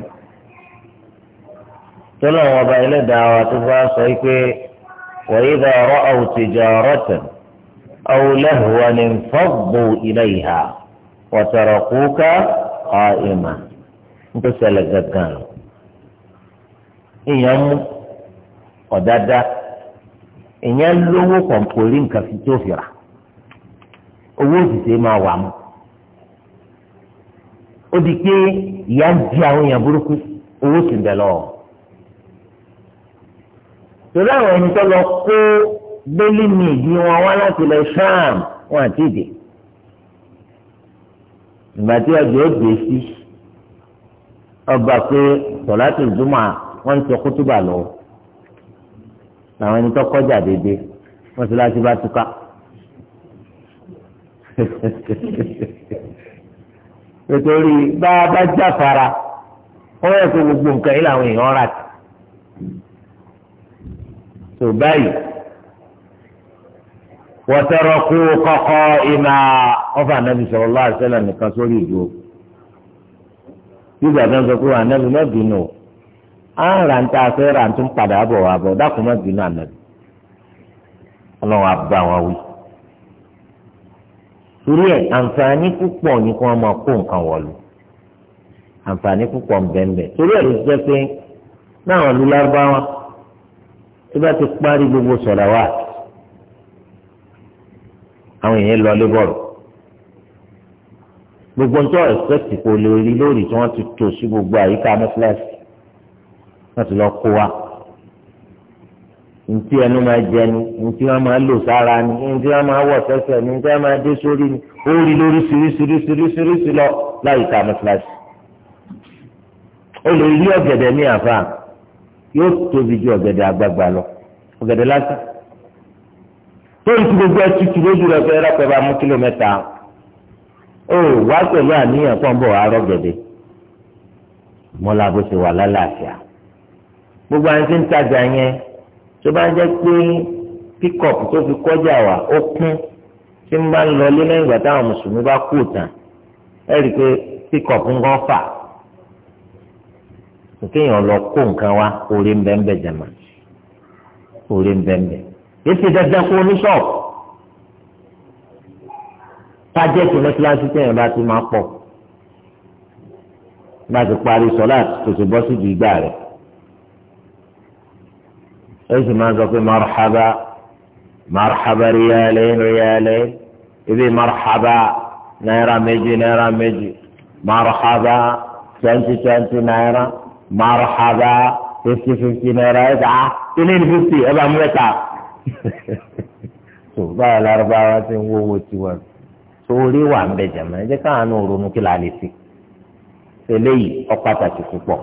A: tó lọ́wọ́ ọba ẹlẹ́dàá wa tó bá sọ wípé wa idha ra'aw tijaratan aw lahwan infaḍḍu ilayha wa tarakuka qa'ima nítorí ṣẹlẹ̀ gàgàn rẹ̀ èèyàn mú ọ̀dádá èèyàn lówó kọ̀ǹpórí nǹkan fi tó fìrà owó òṣìṣẹ́ máa wà mú ó di pé ìyá ń di àwọn èèyàn burúkú owó sì ń bẹ lọ́wọ́ torí àwọn ẹni tó lọ kó gbélé mi ìdí wọn wá láti lọ ṣáàm wọn àti ìdè ìgbà tí ọjọ́ gbé sí ọba pé sọ̀láṣí ìdúmọ̀ wọ́n ń sọ kútùbà lọ làwọn ẹni tó kọjá déédéé wọ́n ti láti bá túká. nítorí bá a bá jáfara ó yẹ kó gbogbo nǹkan yìí làwọn èèyàn rà tó báyìí wọ́tẹ́rọ̀kú kọ́kọ́ ìmà ọ̀fà nàbì sallallahu alaihi wasallam nìkan sórí ìdúró. Bíbí àti ọ̀sán kúrò ànábì má bínú o. À ń ra níta afẹ́ ra tún padà bọ̀ wá bọ̀ dákun má bínú ànábì. Ọlọ́run á bá wọn wí. Torí ẹ̀ àǹfààní púpọ̀ ni kí wọ́n máa kó nǹkan wọ̀lú. Àǹfààní púpọ̀ ń bẹ́ẹ̀ torí ẹ̀ ló jẹ́ pé náà wọn tó bá ti parí gbogbo sọ̀rọ̀ wáàtí àwọn èèyàn lọ lébọ̀rù gbogbo ń tọ́ ẹ̀sẹ̀tì kò lè rí lórí tí wọ́n ti tò sí gbogbo àyíká mẹ́fílẹ́sì wọ́n ti lọ kó wa ntí ẹnu máa jẹ ni ntí wọn máa lò sára ni ntí wọn máa wọ sẹsẹ ni ntí wọn máa dé sórí ni ó rí lórí sírísírísírísírísí lọ láyìíká mẹ́fílẹ́sì ó lè rí ọ̀gẹ̀dẹ̀ ní àfà yóò tóbi ju ọ̀gẹ̀dẹ̀ àgbààgbà lọ ọ̀gẹ̀dẹ̀ lásán tóyìn tí gbogbo ẹ tutù lójú rẹ fẹ́ rẹpẹ bá mú kílómítà ó wá pẹ̀lú àníyàn kan bọ̀ arọ gẹdẹ mọlá bó ṣe wà lálàáfíà gbogbo àwọn tí ń tajà yẹn tó bá jẹ́ pé pickup tó fi kọjá wa ó kún tí ń bá ń lọlé lẹ́yìn ìgbà táwọn mùsùlùmí bá kú tán ẹ rí i pé pickup ń gán fà kéèyàn lọ kó nǹkan wá orí ń bẹ́ẹ̀ bẹ́ẹ̀ jẹ̀mọ́ orí ń bẹ́ẹ̀ bẹ́ẹ̀ kìí ṣe dandan kó ní ṣọ́ọ̀bù tájẹ́tì mẹ́tíláṣí tẹ̀yìn bá ti máa pọ̀ bá ti parí sọ́lá tòṣì bọ́ sí ju ìgbà rẹ̀ ẹ sì máa sọ pé marhaba marhaba riyalẹ́ riyalẹ́ ibi marhaba náírà méjì náírà méjì marhaba twenty twenty náírà marhaba fifty fifty náírà ẹ̀ dà ah, kíní fifty ẹ bá mú ẹ̀ so báwa lárúbáwá ti ń wówó tiwa so orí wà ń bẹ jẹmọ ẹ jẹ káwọn náà ronú kí la lè fi eléyìí ó pàtàkì púpọ̀.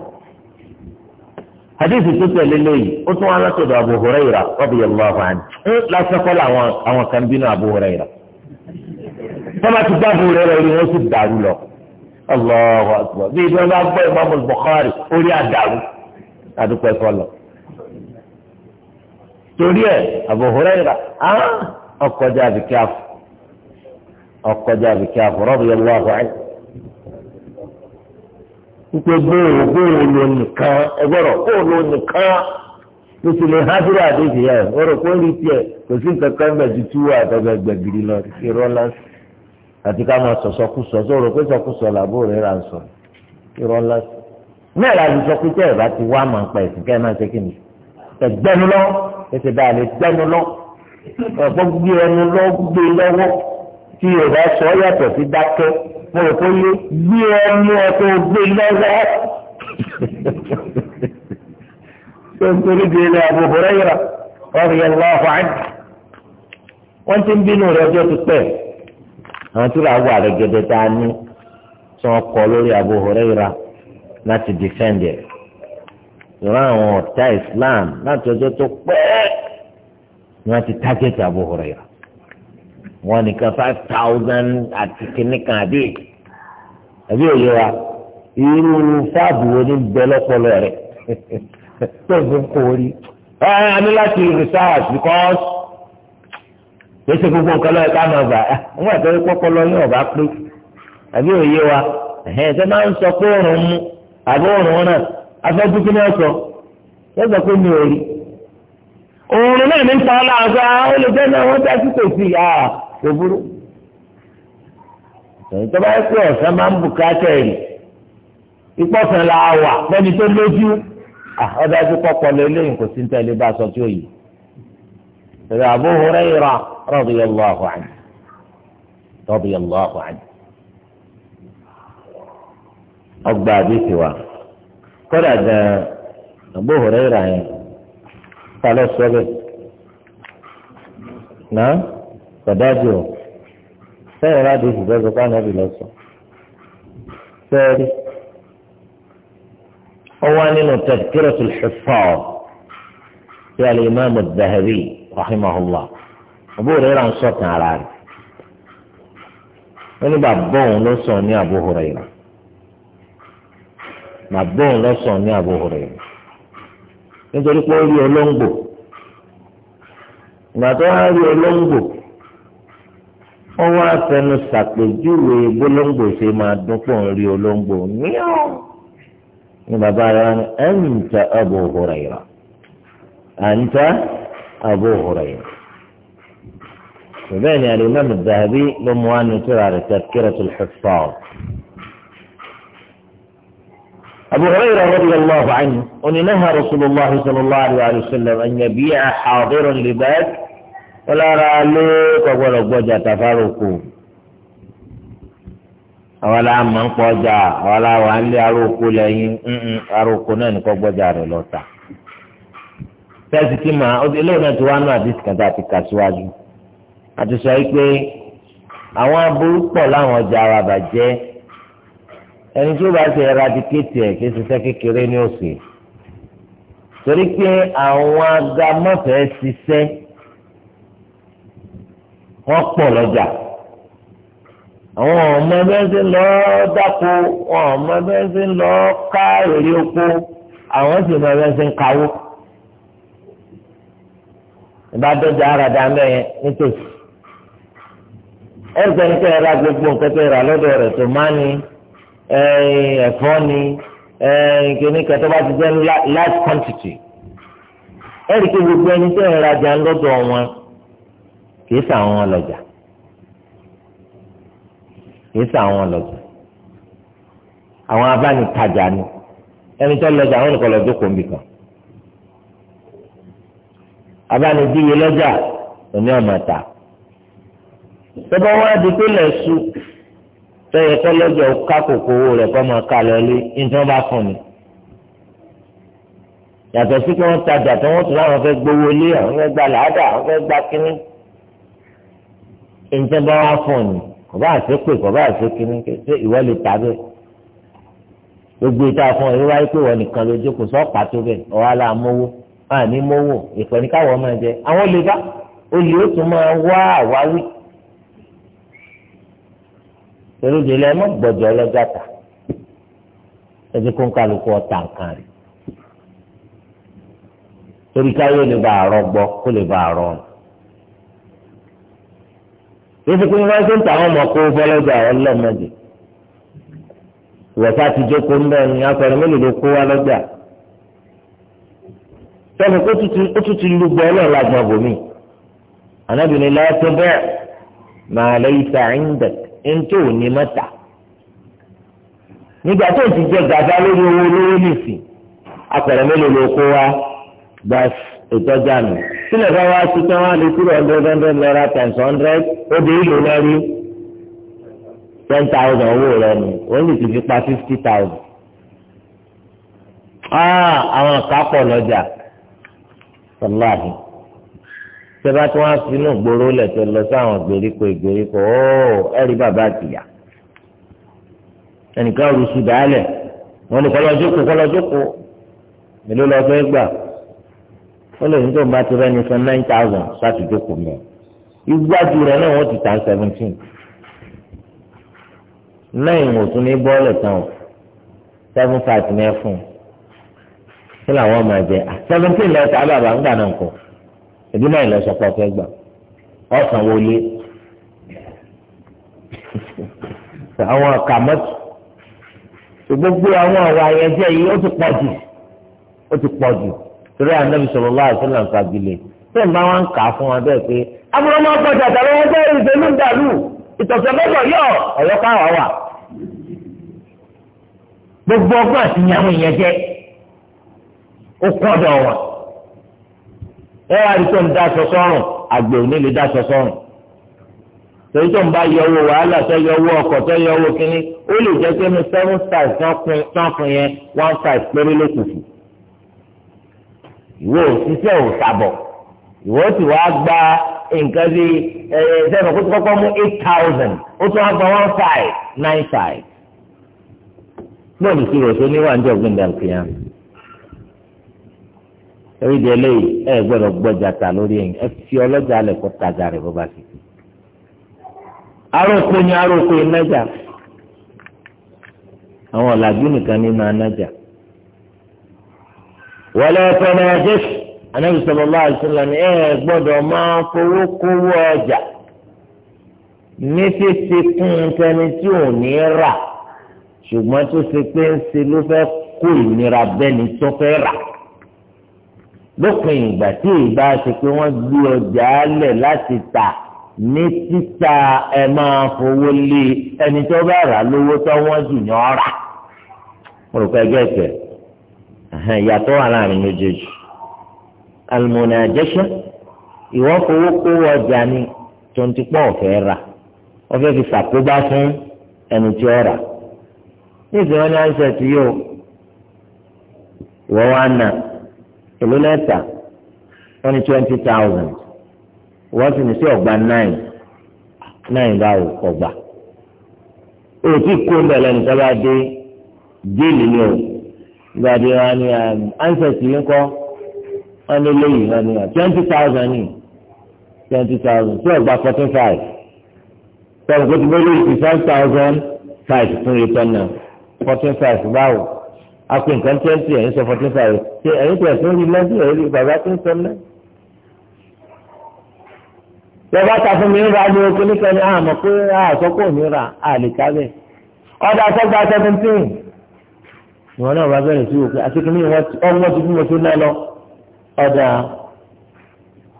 A: hadith tó tẹ̀lé léyìí ó tún wá látọ̀dọ̀ Abu Hurairah radiyallahu anhu ń lásìkọ́lá àwọn kan bínú Abu Hurairah. tọ́lá ti dáàbò rẹ̀ rẹ̀ rí wọ́n sì dàrú lọ. Allahu akbar bí ibi bá gbọ́ Imam Bukhari orí àdàrú adúpẹ́ sọlọ. torí ẹ̀ Abu Hurairah á ọkọjá àbíkí àfọ ọkọjá àbíkí àfọ radiyallahu anhu wípé bóòrò bóòrò ló nìkan ẹgbọ́rọ̀ bóòrò nìkan ló sì lè hádùrà àdéhìí ẹ̀ ọ̀rọ̀ kó rí tiẹ̀ kò sí nǹkan kan bẹ̀ ju túwọ́ àtọ́gbẹ̀ gbẹ̀gìrì lọ irọ́ lásì àti ká máa sọ̀sọ́kùsọ sọ̀rọ̀ pé sọ̀kùsọ làbó rẹ̀ rà ń sọ irọ́ lásì. mẹ́ẹ̀lá ti sọ pé tẹ́ ẹ̀ bá ti wá màá pa ẹ̀sìn ṣe kí ni ètò bá a lè tẹnu lọ ọ̀pọ̀ gbé ẹnu lọ gbé lọ́wọ́ tí yorùbá sọ yàtọ̀ sí dákẹ́ mo rò pé gbé ẹnu ọ̀tọ̀ gbé lọ́wọ́ tó ń torí di ilé Abu Hurairah radiyallahu anhu wọ́n ti ń bínú rẹ̀ ọjọ́ ti pẹ́ àwọn tí wàá wà rẹ̀ tá a ní tí wọ́n kọ lórí Abu Hurairah láti dìfẹ́ǹdì rẹ̀ ìran àwọn ọ̀tá islam láti ọjọ́ tó pẹ́ ni wọ́n ti tágẹ́tì Abu Hurairah wọn nìkan five thousand àti kìnnìkan àbí àbí òye wa irú fáàbù wo ni bẹ lọ́pọlọ rẹ̀ tó fi ń kó orí. ẹ ẹ ní láti research because gbèsè gbogbo nǹkan lọ́yẹ̀ ká máa gbà ah, nígbà tó rí pọ́pọ́lọ́ yóò bá pé àbí òye wa ẹ̀hẹ́n tó máa ń sọ pé òrùn mu àbí òrùn náà. afẹ́jú kí ni ọ̀sọ̀ lọ́sọ̀ pé mi ò rí òòrùn náà ní pa náà sọ ó lè jẹ́ náà wọ́n dá sí kò sí kò burú tòun tó bá pé ọ̀sán máa ń la wà lẹ́ni tó lójú pọ̀pọ̀ kò sí tẹ̀lé bá aṣọ tí ó yìí ọgbà àbí tiwa. kọ́dà gan-an Abu Hurairah yẹn ta lọ sọ bẹ́ẹ̀ náà kọ̀dájú ọ̀ sẹ́yìn láti ìṣùgbọ́n sọ pé ànábì lọ sọ sẹ́ẹ̀rí ọwọ́ nínú Tadhkiratul Huffaz ti al-Imam al-Dhahabi rahimahullah Abu Hurairah ń sọ̀tàn ara rẹ̀ wọ́n ní bàbá òun ló sọ ní Abu Hurairah. màbọ́ òun lọ́sàn-án ní àbúrò rẹ̀ nítorí pé ó rí olóńgbò ìgbà tó wá rí olóńgbò ó wá fẹnu ṣàpèjúwe gbólóńgbò ṣe máa dún pọ̀ ń rí olóńgbò níyàn ní bàbá rẹ̀ wá ní anta Abu Hurairah anta Abu Hurairah bẹ́ẹ̀ ni al-Imam ló mú wá nu tíra rẹ̀ Tadhkiratul Huffaz. أبو هريرة رضي الله عنه أن نهى رسول الله صلى الله عليه وسلم أن يبيع حاضر لباد ولا رألوك ولا قوجة تفارقوا àwọn àmọ́ ń kọjá àwọn àwọn alẹ́ aróko lẹ́yìn ńǹ aróko náà ní kọ́ gbọ́jà rẹ̀ lọ́ta. tẹ́sí tí màá eléyìí náà ti wá náà àdìsí kan tá a ti kà síwájú. àti sọ yìí pé àwọn aburú pọ̀ láwọn ọjà wa bàjẹ́ ẹni tí ó bá ṣe eradicate ẹ̀ kí ṣiṣẹ́ kékeré ní òsè torí pé àwọn agamọ́fẹ́ ṣiṣẹ́ wọ́n pọ̀ lọ́jà àwọn ọmọ ẹgbẹ́ ṣe ń lọ dáko àwọn ọmọ ẹgbẹ́ ṣe ń lọ ká èrè oko àwọn sì mọ ẹgbẹ́ ṣe ń kawó ìbádọ́jà àràdà ń bẹ̀ nítòsí ẹ̀sẹ̀ ń tẹ̀ ra gbogbo nǹkan tẹ̀ ra lọ́dọ̀ rẹ̀ tó máa ní. Eh, ẹ̀fọ́ ni eh, kìíní kan tó bá ti jẹ́ large quantity ẹ̀rí kí gbogbo ẹni tẹ́ ẹ̀ rajà lọ́dọ̀ wọn kìí sàwọn ọlọ́jà kìí sàwọn ọlọ́jà àwọn abánitajà ni ẹni tó lọ́jà àwọn nìkan lọ́jọ́ kò ń bì kan abánidíye lọ́jà òní ọ̀mọ̀ta tọ́bọ̀ wọn á di pé lẹ́sùn tọ́yẹ kọ́lọ́jọ́ ká kòkó owó rẹ̀ kọ́ máa ká lọ lé ní tí wọ́n bá fún mi. yàtọ̀ sí pé wọ́n tajà tí wọ́n tún láwọn fẹ́ gbowó lé àwọn fẹ́ gba làádà àwọn fẹ́ gba kínní. ní tí wọ́n bá wá fún mi kò bá àṣẹ pè kò bá àṣẹ kínní ṣé ìwọ lè ta bẹ́ẹ̀. gbogbo ìta fún ọ wíwáyé pé wọ́n nìkan ló jókòó sọ pàtó bẹ́ẹ̀ ọ̀hálà mówó àní mówó ìpẹ́ ní káwọ́ máa jẹ àwọn olè bá olè ó tún máa wá àwáwí èròjà ilẹ̀ mọ́ gbọ́dọ̀ ọlọ́jà ta ẹbí kó ń kálukú ọ̀tá nǹkan rẹ̀ torí káyọ̀ lè bá àárọ̀ gbọ́ kó lè bá àárọ̀ nù. èsì pé wọ́n ṣe ń tàwọn ọmọ kó bọ́lọ́jà ọlọ́mọdé ìwọ̀sá ti jókòó ń bẹ́ẹ̀ ni akọrin mélòó ló kó wá lọ́jà sọ́ni ó tún lu gbọ́ ọlọ́run bòmí ànábìnrin lọ́wọ́ tó bẹ́ẹ̀ màá lẹ́yìn sàáyìn bẹ́ẹ̀ ntí ò ní mọ́ta nígbà tó ti jẹ gàdá lórí owó olówó nìsín apẹ̀rẹ̀ mélòó ló kó wa gba ìtọ́jà nù sílẹ̀ bá wá sí tán wá lè kúrò hundred hundred naira times hundred ó dé ìlú náà rí ten thousand owó rẹ nù ó lè ti fi pa fifty thousand ah, àwọn àkàpọ̀ lọ́jà sọláhìn sẹba tí wọn fi inú gbòòrò lẹtọ lọ sáwọn gbèríko ìgbèríko ó ẹrí bàbá àtìyà ẹnìkan rúṣu dálẹ wọn ni kọlọjókòó kọlọjókòó èló lọ fẹẹ gbà ó lè ní tó bá ti rẹni san nine thousand sátìjókòó mọ igbájú rẹ náà wọn ti tà seventeen nine ò tún ní bọ́ọ̀lù tán o seven five ní ẹ fún kí làwọn máa jẹ ah, seventeen lẹ́ẹ̀ta bàbá ń gbà náà kọ́ ẹbí náà ìlọsọ pọ̀ fẹ́ gbà ọ̀sán wọlé àwọn kàmọ́tì gbogbo àwọn àwọn àyẹ̀jẹ́ yìí ó ti pọ̀ jù ó ti pọ̀ jù torí ànábì sọ̀rọ̀ lọ́wọ́ àti náà fagilé bẹ́ẹ̀ ni wọ́n ń kà á fún wọn bẹ́ẹ̀ pé abúlọ́mọ ọgbọ́dọ̀ àtàwọn ọjọ́ ìṣèlú ń dàlú ìtọ̀sẹ̀ bọ́bọ̀ yọ ọ̀yọ́ káwá wà. gbogbo ọgbọ́n àti ìyàwó ìyẹn jẹ́ ó pọ̀ dọ̀ wọn ẹ wá rí tó ń da aṣọ sọ́rùn àgbẹ̀ òní lè da aṣọ sọ́rùn torí tó ń bá yọ owó wàhálà tó yọ owó ọkọ̀ tó yọ owó kínní ó lè jẹ́ pé ní seven stars tán fún yẹn one size péré ló kù fún ìwọ òṣìṣẹ́ ò sábọ̀ ìwọ tí wàá gba nǹkan bí ẹ sẹ́nu kó tó kọ́kọ́ mú eight thousand ó tún wá gba one five nine five bọ́ọ̀lù sí rẹ̀ tó níwà ń jọ torí di eléyìí ẹ gbọ́dọ̀ gbọjàta lórí ẹ̀yin ẹ fi ọlọ́jà alẹ kó tajà rẹ bó bá ti kú aróko ni aróko ìnájà àwọn ọ̀làjú nìkan nínú anájà wọlé ẹfẹlẹ jésù anábì sọlọ bá àṣìlá ni ẹ gbọ́dọ̀ máa fowó kówó ọjà ní títí kún tẹni tí ò ní rà ṣùgbọ́n tó ṣe pé ń ṣe ló fẹ́ kó ìnira bẹ́ni tó fẹ́ rà lópin ìgbà tí ìbá ṣe pé wọ́n gbé ọjà lẹ̀ láti tà ní títà ẹ máa fowó lé ẹni tó bá rà lówó tó wọ́n jù ní ọ̀rà. mo rò pé ẹgbẹ́ ẹ̀sẹ̀ ìyàtọ̀ wà láàrin méjèèjì àlùmọ̀nà àjẹsẹ́ ìwọ́n fowó kó ọjà ni tó ń ọ̀fẹ́ rà ọ̀fẹ́ fi ṣàkóbá fún ẹni tí ó rà. ní ìgbìmọ̀ ní àìsàn tí yóò wọ́n wá náà èló lẹ́tà wọ́n ní twenty thousand wọ́n sì ní sí ọ̀gbà nine nine báwo ọ̀gbà òtí kó ń bẹ̀rẹ̀ nìkan bá dé jéèlì ni o ìgbà dé wọn ni ancestry ń kọ́ wọn ní léyìí wọn ni twenty thousand ni twenty thousand tí ọ̀gbà forty five tọ́wọ́n kó ti bọ́ lóyún five thousand five fún return forty five báwo akpé nǹkan twenty ẹ̀yin sọ fourteen five ṣe ẹ̀yin tí ẹ̀sìn rí lẹ́sìn ẹ̀yin rí bàbá tó ń sọ lẹ́. bàbá ta fún mi ń ra ní okun níkan ní àmọ́ pé àṣọ kò ní ra àlìká bẹ́ẹ̀. ọ̀dà sọ́gbà seventeen ìwọ náà bá bẹ̀rẹ̀ sí òkè àtìkú ní ọmọ ti fún mi tó náà lọ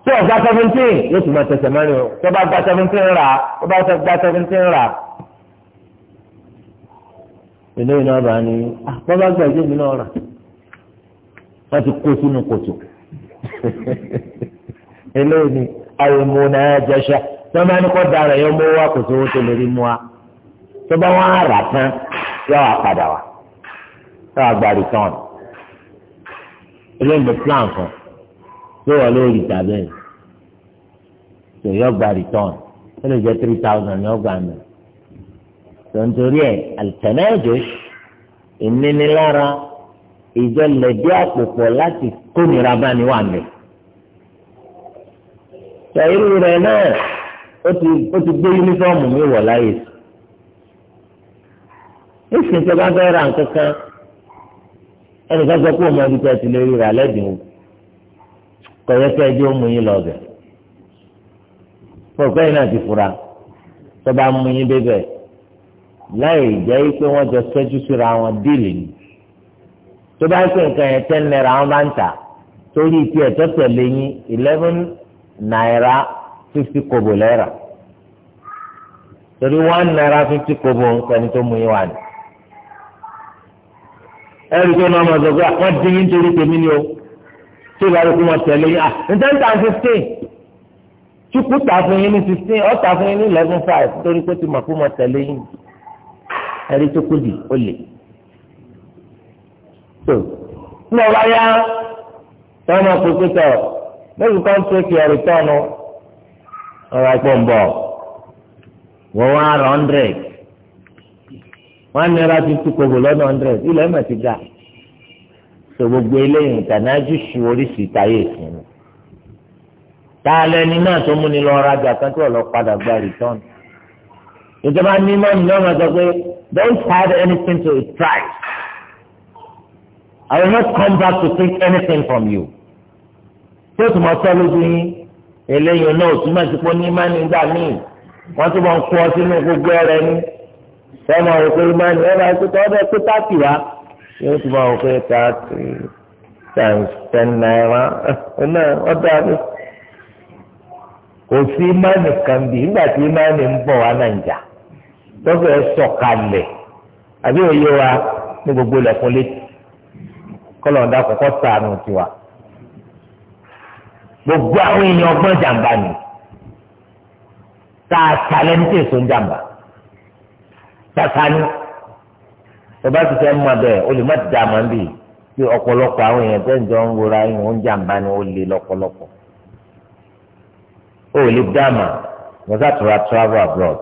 A: tí ọ̀gá seventeen yóò tún máa tẹ̀sẹ̀ mẹ́rin o tó bá gba seventeen rà tó bá gba seventeen eléyìí náà bá ní bàbá ah, gbàgbé mi náà rà wọ́n ti kó sínú kòtò eléyìí ni àyèmó náà jẹṣẹ tó máa ní kó dára yóò mú wá kòtò owó tó lè rí mú wa tó bá wọn á rà tán yóò wá padà wá yóò wá gba return plan fún tó wà lórí ìtàgé yìí tó yóò gba return ó lè jẹ three thousand yóò gba mẹ́rin tontori ẹ e, alìtẹ̀lẹ́jọ́s ìnínilára ìjọ lẹ̀dí àpòpọ̀ láti kónira bá ní wàmì. sọ̀rọ̀ rẹ̀ náà ó ti gbé yunifọ́ọ̀mù mi wọ̀ láyè sí. nísìnyí tó bá fẹ́ ra nǹkan kan ẹnìkan sọ pé ọmọ ibi tí a ti lè rírà lẹ́dínwó kọ̀yẹ́kẹ́ ẹjọ́ ó mú yín lọ bẹ̀. fọ̀ọ́kẹ́ náà ti fura tó bá mú yín débẹ̀ láì jẹ́ pé wọ́n jọ ṣẹ́jú síra wọn díìlì ni tó bá ṣe nǹkan yẹn ten naira wọn bá ń tà torí ìpè ẹ̀tọ́ tẹ̀lé yín eleven naira fifty kobo lẹ́ra torí one naira fifty kobo nǹkan tó mú yín wà ní. ẹ̀rí tó náà mọ̀ sọ pé ah, wọ́n dín yín torí tèmi ni o tí ìgbà tó kú wọn tẹ̀lé yín ah ǹjẹ́ ń tà fifteen chukwu tà fún yín ní fifteen ọ̀ tà fún yín ní eleven five torí pé ti mọ̀ fún wọn tẹ̀lé yín ẹ̀rí tó kú di ó lè. tó ní ọba yá tọ́wọ́n máa pèpè tọ̀ lẹ́yìn kan tó kí ọ̀rẹ́ tọ́nu ọ̀rọ̀ àpọ̀nbọ̀ wọ́n wá rà hundred wọ́n á nira ti tú kòkò lọ́nà hundred ilẹ̀ mọ̀ ti dà tó gbogbo eléyìí ìtànájú ṣu oríṣi ìtayé ìsinmi tá a lẹni náà tó múni lọ rajà kan tó lọ padà gba rìtọ́n ìjọba ní mọ́ni náà sọ pé Don't add anything to his price. I will not come back to take anything from you. Ṣé o tún mọ sọ lójú yín? Eléyìí náà túmọ̀ sí pé ní ìmánì gbà míì. Wọ́n tún mọ̀ ń kú ọ sínú gbogbo ẹ̀rẹ̀ ni. Sọ́mọ rẹ̀ pé ìmánì ẹ̀rọ àìsíkọ́ ọ̀dọ̀ pé táàkì wá. Yóò tún mọ̀ pé táàkì times ten naira ọ̀nà ọ̀dọ̀ àbí. Kò sí ìmánì kan bí nígbà tí ìmánì ń bọ̀ wá Nàìjíríà tọ́fẹ̀ sọ̀kalẹ̀ àbí òye wa ní gbogbo ilẹ̀kùn létí kọ́lọ̀ ọ̀dà kọ́kọ́ sànù tiwa gbogbo àwọn èèyàn ọgbọ́n jàǹbá ni tá a talẹ́ ní tèso ń jàǹbá tata ni ọba ti fẹ́ mọ bẹ́ẹ̀ o lè má ti dá a máa ń bì kí ọ̀pọ̀lọpọ̀ àwọn èèyàn tẹ́ ń jọ ń wora yìí wọ́n ń jàǹbá ni ó lè lọ́pọ̀lọpọ̀ o lè dá a mà wọ́n sá tura travel abroad.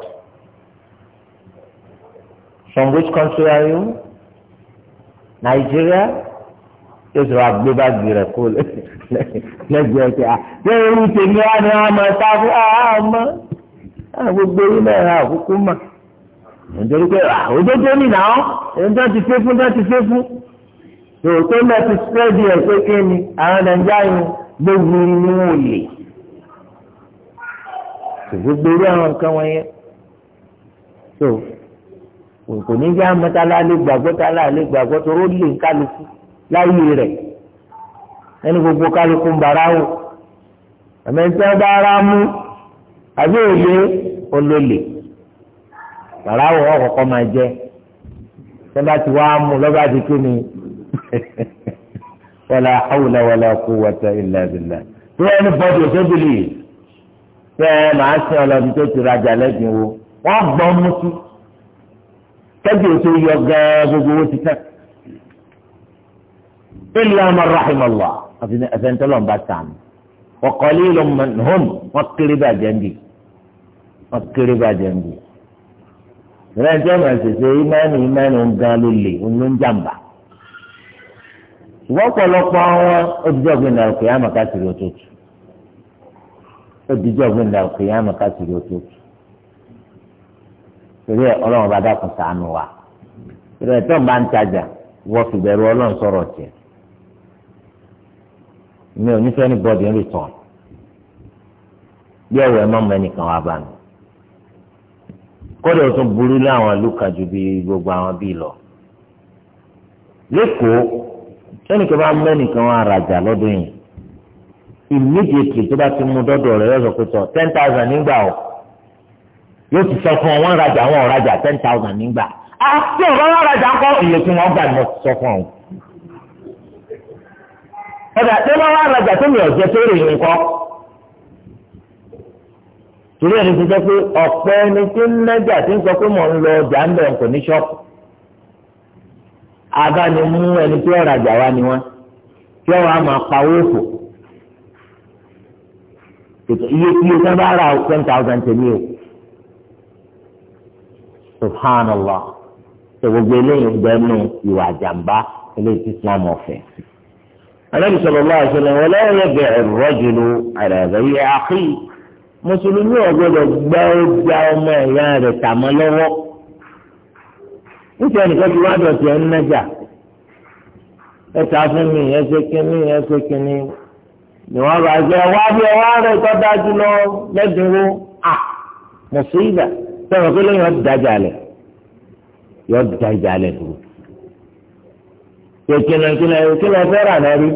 A: From which country are you? Nigeria? yóò sọ agbébági rẹ kó lẹ́gbẹ̀ẹ́ ẹsẹ à ah, ṣé ewu tèmi wá ni wọn máa ta fún àmọ́ ah, ah, gbogbo yìí náà ra òkúkú mà nítorí pé òdodo nìyà ọ ẹnjọ ti fẹ́ fún ẹnjọ ti fẹ́ fún tòótọ́ náà ti sẹ́ẹ̀dì ẹ̀ pé kí ni àwọn nàìjíríà yìí gbogbo inú òye gbogbo irú àwọn nǹkan wọn yẹn so kò ní bí amọ̀tálá lè gbàgbọ́ tálá lè gbàgbọ́ tó lè kálukú láyé rẹ̀ ẹni gbogbo kálukú ń bara wò àmẹ́ńtẹ́ bá ara mú àbí òye olólè bara wò ọ̀kọ̀ọ̀kọ̀ máa jẹ sọba ti wá mú lọ́ba ti kí ni wala hawla wala quwwata illa billah tó ẹni bọ́dù òṣèbìlì bẹ́ẹ̀ màá sìn ọlọ́dún tó ti rajà lẹ́gbìn wo wọ́n gbọ́n mú sí. تجد سوية غاز وزوتك إلا من رحم الله أفنت لهم باتان وقليل من هم مقربا جنبي مقربا جنبي لا جمع سيسي إيمان إيمان هم قالوا لي ومن جنبا وطلقوا أبدوا من القيامة كاتر وتوت أبدوا من القيامة كاتر وتوت torí ẹ ọlọ́run bá dákun ṣàánú wa torí ẹ tó ń bá ń tajà wọ́n fi bẹ̀rù ọlọ́run sọ̀rọ̀ tiẹ̀ mi ò nífẹ̀ẹ́ ní bọ́ọ̀dì ń rìtọ̀n bí ẹ̀wọ̀ ẹ má mọ ẹnìkan wá bá mi kódà ó tún burú láwọn ìlú kan ju bí gbogbo àwọn bíi lọ lẹ́kọ̀ọ́ ẹnìkan bá mẹ́nìkan wá rajà lọ́dún yìí immediately tó bá ti mú dọ́dọ̀ rẹ̀ yóò ten thousand nígbà yóò ti sọ fún ọ wọn rajà wọn rajà ten thousand nígbà àti ọ̀rọ̀ wọn rajà kọ́ iye tí wọ́n gbà ní wọ́n ti sọ fún ọ. ọ̀dà tí wọ́n wá rajà tó mi ọ̀jẹ̀ tó rè é kọ́. torí ẹni ti sọ pé ọ̀pẹ ẹni tí ń nẹ́jà ti ń sọ pé mò ń lọ ọjà ń bẹ̀ ń ní ṣọ́ọ̀pù. abánimú ẹni tí ó rajà wá ni wọ́n tí wọ́n á máa pawó òfò iye iye tí wọ́n ten thousand tèmi o subhanallah ṣe gbogbo eléyìí gbẹnu ìwà àjàmbá eléyìí tí islam ọ̀fẹ́. anabi sallallahu alaihi wasallam wala yabi'u ar-rajulu ala bay'i akhihi mùsùlùmí ọ̀gbọ́dọ̀ gbá ọjà ọmọ ẹ̀yà rẹ̀ tàmọ́ lọ́wọ́ níta nìkan ti wá dọ̀tí ẹ̀ nájà ẹ fún mi ẹ kínní ẹ kínní ni bá jẹ wá bí ẹ wá rẹ tọ́ dájú lọ lẹ́dínwó à ah, mùsùlùmí sọ̀rọ̀ pé lóyún ọ̀dájà lẹ̀ yọ dájà lẹ̀ dúró kìnìún kìnìún kìnìún fẹ́ràn náà rí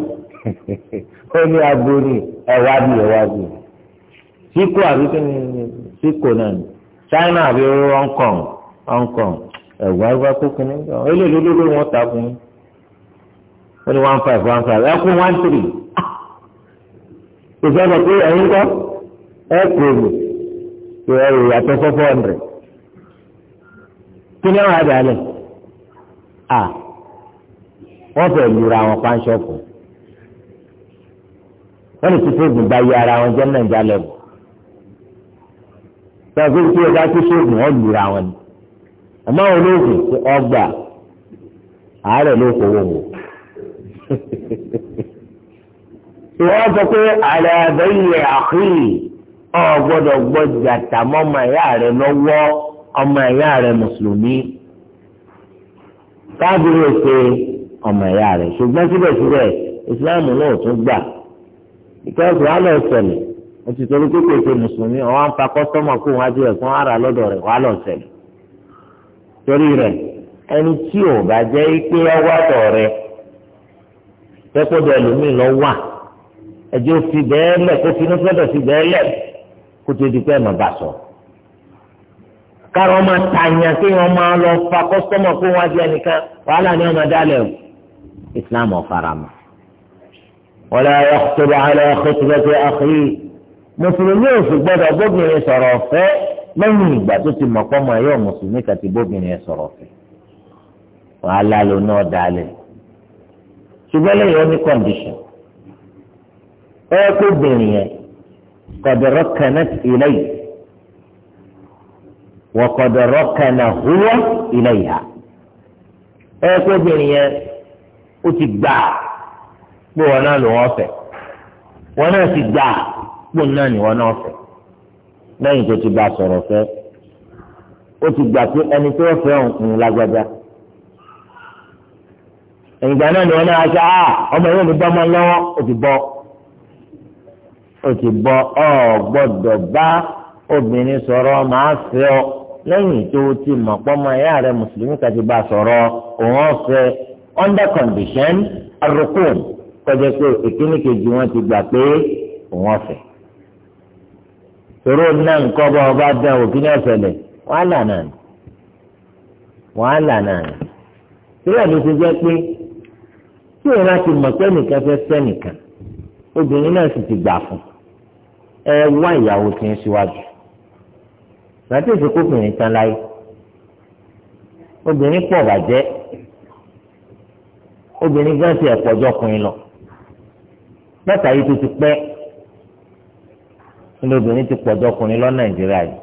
A: ó ní aago ní ẹ̀wá bí ẹ̀wá bí síkò àbí kìnìún síkò náà ní China àbí Hong Kong Hong Kong ẹ̀wá ẹ̀wá kó kìnìún kan ó lè lólórí wọn ta fún un ó ní one five one five ẹ kú one three ìfẹ́ lọ pé ẹ̀yin kọ́ ẹ̀ kúrò ìwọ rẹ̀ yàtọ̀ fọ́ four hundred kí ni wọ́n á dà lẹ̀ à wọ́n fẹ́ lura àwọn pánṣọ́ọ̀kù wọ́n lè tún fóògùn bá yí ara wọn jẹ́ nàìjà lẹ́bù tọ́jú tí o bá tún fóògùn wọ́n lura wọn ni àmọ́ àwọn olóògùn tí ọgbà àárẹ̀ ló kọ́ wọ́n wò tí wọ́n sọ pé àlẹ́ àbẹ́yẹ àkúrì ọ gbọ́dọ̀ gbọ́dọ̀ tàmọ́ ọmọ ìyá rẹ lọ́wọ́ ọmọ ìyá rẹ mùsùlùmí káàbìrì òṣè ọmọ ìyá rẹ ṣùgbọ́n síbẹ̀síbẹ̀ ìsìláàmù náà tún gbà ìkẹ́kọ̀ọ́ alẹ́ ọ̀sẹ̀lẹ̀ òtù torí pé kò ṣe mùsùlùmí ọ̀wá ń pa kọ́sọ́mọ̀ kó wọn á jẹ́ ẹ̀kọ́ ara lọ́dọ̀ rẹ̀ wàá lọ́sẹ̀lẹ̀ torí rẹ̀ ẹni tí ò bá jẹ́ pé ọwọ́ ọ̀dọ̀ rẹ̀ tẹ́kọ̀dọ̀ wà ẹjọ́ fi bẹ́ẹ̀ lẹ̀ kó finú fẹ́dọ̀ fi bẹ́ẹ̀ lẹ̀ kó tó di pé ẹ̀mọ̀ bá sọ. kárọ̀ máa tàyàn kí wọ́n máa lọ fa kọ́sọ́mọ̀ kó wọ́n á di ẹnìkan wàhálà ni wọ́n máa dálẹ̀ o islam ọ̀farama. wala yakhtab ala khitbati akhi mùsùlùmí ò sì gbọ́dọ̀ bóbìnrin sọ̀rọ̀ ọ̀fẹ́ lẹ́yìn ìgbà tó ti mọ̀ pọ́ mọ́ mùsùlùmí kàti bóbìnrin sọ̀rọ̀ ọ̀fẹ́ wàhálà ló náà dálẹ̀ ṣùgbọ́n lẹ́yìn ó قد ركنت إليه وقد ركن هو إليها ẹ̀kọ́ obìnrin yẹn ó ti gbà pé wọn náà wọn wọn náà ti gbà kpọ náà ni wọn náà tó ti bá sọ̀rọ̀ fẹ ó ti gbà pé ẹni tó òun lágbájá náà wọn náà ṣe ọmọ ní o ti bọ ọ gbọ́dọ̀ bá obìnrin sọ̀rọ̀ màá fẹ́ ọ lẹ́yìn tó o ti mọ̀ pọ́nmọ ẹ̀yà rẹ mùsùlùmí kan ti bá sọ̀rọ̀ òun ọ̀fẹ́ under condition arukun kọjá pé ìkíní kejì wọn ti gbà pé òun ọ̀fẹ́ tòró náà nǹkan bá ọba dán òkíní ọ̀sẹ̀lẹ̀ wàhálà náà wàhálà náà sílẹ̀ ló ti jẹ́ pé tí òun láti mọ̀ pé nìkan fẹ́ sẹ́nìkan obìnrin náà sì ti gbà fún un ẹ wá ìyàwó tí ń síwájú láti ìfikúnfìnrin tán láyé obìnrin pọ̀ bàjẹ́ obìnrin gan ti ẹ̀pọ̀jọ́ ọkùnrin lọ mẹ́ta yìí tó ti pẹ́ ní obìnrin ti pọ̀jọ́ ọkùnrin lọ nàìjíríà yìí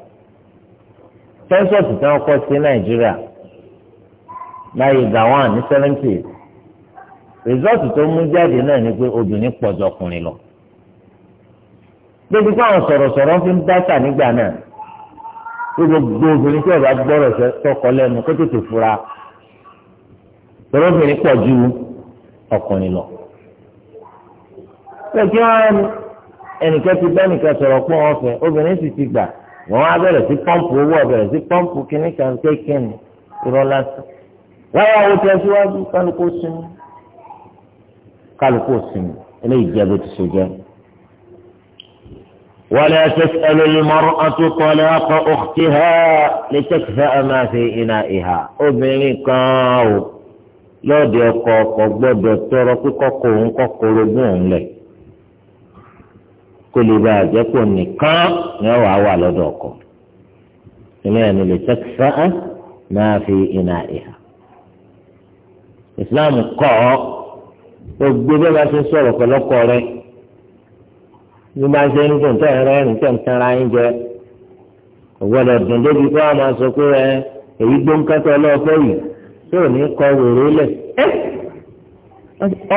A: sẹ́ńsọ̀tì tí wọ́n kọ́ sí nàìjíríà láyé gawan ní sẹ́lẹ̀ntì rìsọ́ọ̀tì tó mú jáde náà ni pé obìnrin pọ̀jọ́ ọkùnrin lọ débi kí àwọn sọ̀rọ̀sọ̀rọ̀ fi ń dáta nígbà náà ó gbogbo obìnrin tí ọba gbọ́rọ̀ sọ́kọ lẹ́nu kó tètè fura tọ́lọ́bìnrin pọ̀ ju ọkùnrin lọ. ṣé kí wọ́n ẹnìkan ti bá ẹnìkan sọ̀rọ̀ pọ̀ wọn fẹ́ obìnrin sì ti gbà wọ́n á bẹ̀rẹ̀ sí pọ́ǹpù owó ọ̀bẹ̀rẹ̀ sí pọ́ǹpù kínní kan kékeré irọ́ lásán. wáyà owó tẹ̀síwájú kálukú sinmi kálukú sinmi eléyìí jẹ́ bó ti ṣe jẹ́. ولا تسأل المرأة طلاق أختها لتكفأ ما في إنائها obìnrin kan o lọ́dọ̀ ọkọ ọkọ gbọ́dọ̀ tọrọ kíkọkọ òun kọkọ orogún òun lẹ̀ kó lè bá àjẹpọ̀ nìkan ni ọ̀wà wà lọ́dọ̀ ọkọ ilé ẹni lè tẹ́kisá máa fi iná ìhà Islam kọ́ ọ gbogbo bẹ́ẹ̀ bá ṣe sọ̀rọ̀ pẹ̀lọ́kọ rẹ̀ bí wọ́n bá ń ṣe ń dùn tẹ̀ rẹ́rìn tẹ̀ ń tanra yín jẹ ògbọ́dọ̀ dùn débi kó àwọn máa sọ pé ẹ èyí gbóńkẹ́tọ̀ ọlọ́ọ̀fẹ́ yìí tí ní kọ wèrè lẹ̀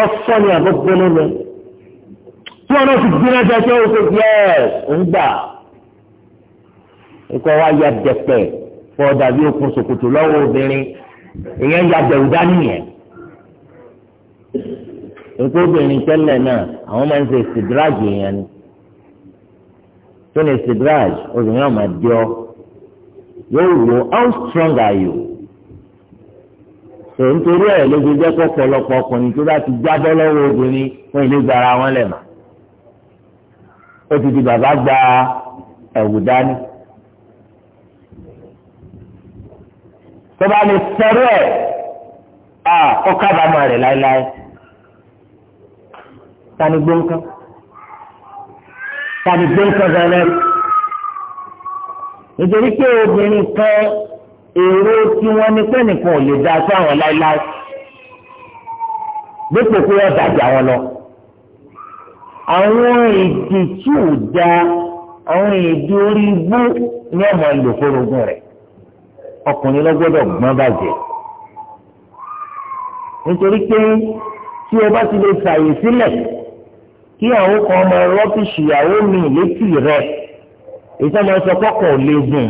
A: ọ̀sán ni àbọ̀gbọ́n lọ́wọ́ tí wọn náà ti gbin ẹsẹ tí wọn sọ yẹs ń gbà ikọ̀ wa ya dẹ̀pẹ̀ fọ dàbí okùn ṣòkòtò lọ́wọ́ obìnrin ìyẹn ya bẹ̀rù dání yẹn nípa obìnrin tẹ́lẹ̀ náà àwọn máa ń ṣe ìsìdíràjì yẹn ni tó ní sidraj obìnrin ọmọ adé ọ yóò wò how strong are you tò nítorí ẹ̀ ló ti jẹ́ kó pọ̀lọpọ̀ ọkùnrin tó bá ti jábọ́ lọ́wọ́ obìnrin wọn ìlú gbara wọn lẹ̀ mọ́ ó ti di bàbá gba ẹ̀wù dání tó bá lè sọ̀rọ̀ ẹ̀ à ó kábàámọ̀ rẹ̀ láéláé tani gbóǹkan tàbí tó ń sọ̀rọ̀ rẹ̀. nítorí pé obìnrin kan èrò tí wọ́n ní pé nìkan ò lè da sáwọn láéláé dípò pé wọ́n dàjà wọn lọ. àwọn èdè tí ò da àwọn èdè orí ibú ni ọmọ ìlò fórogún rẹ̀ ọkùnrin ló gbọ́dọ̀ gbọ́n bàjẹ́ nítorí pé tí o bá ti lè fààyè sílẹ̀ kí àwọn kan ọmọ rọ́bìṣì ìyàwó mi létí rẹ̀ ìtàn máa sọ pọ́kàn ò lè gùn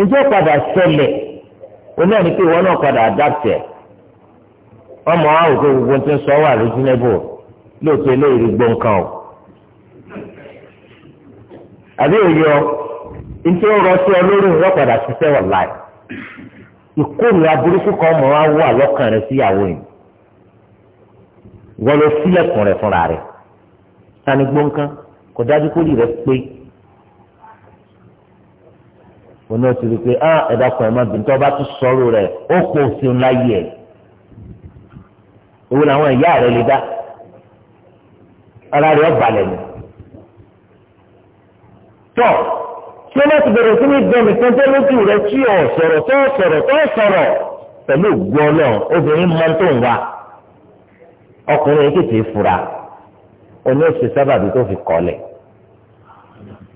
A: ìjọ padà ṣẹlẹ̀ oní ẹni pé ìwọ náà padà adáptẹ̀ ọmọ àwòkọ́ gbogbo tí ń sọ wà reasonable lóòótọ́ eléyìí gbọ̀ǹkan o àbí òye ọ ntí ó rọ sí ọ lórí ìwọ padà ṣiṣẹ́ wà láì ìkórìíra burúkú kan mọ̀ wá wà lọ́kàn rẹ síyàwó yìí wọ́n lọ sílẹ̀kùn rẹ fúnra rẹ̀ tani gbọǹkan kò dájú kó lè rẹ pé òun náà ti rí i pé ah ẹ̀dá kan ẹ̀ má bìí tó bá tún sọ̀rọ̀ rẹ̀ ó pò sí ńlá yìí ẹ̀ òun làwọn ìyá rẹ̀ lè dá ara rẹ̀ ọ̀bàlẹ̀ ni. tọ́ tí wọ́n ti bẹ̀rẹ̀ sí ní bẹ̀rẹ̀ sẹ́ńtẹ́ lójú rẹ̀ tí ò sọ̀rọ̀ tó sọ̀rọ̀ tó sọ̀rọ̀ pẹ̀lú ògbó ọlọ́run obìnrin máa ń tó ń wa ọkùnrin kékeré fura oní oṣù sábàbí tó fi kọ́lẹ̀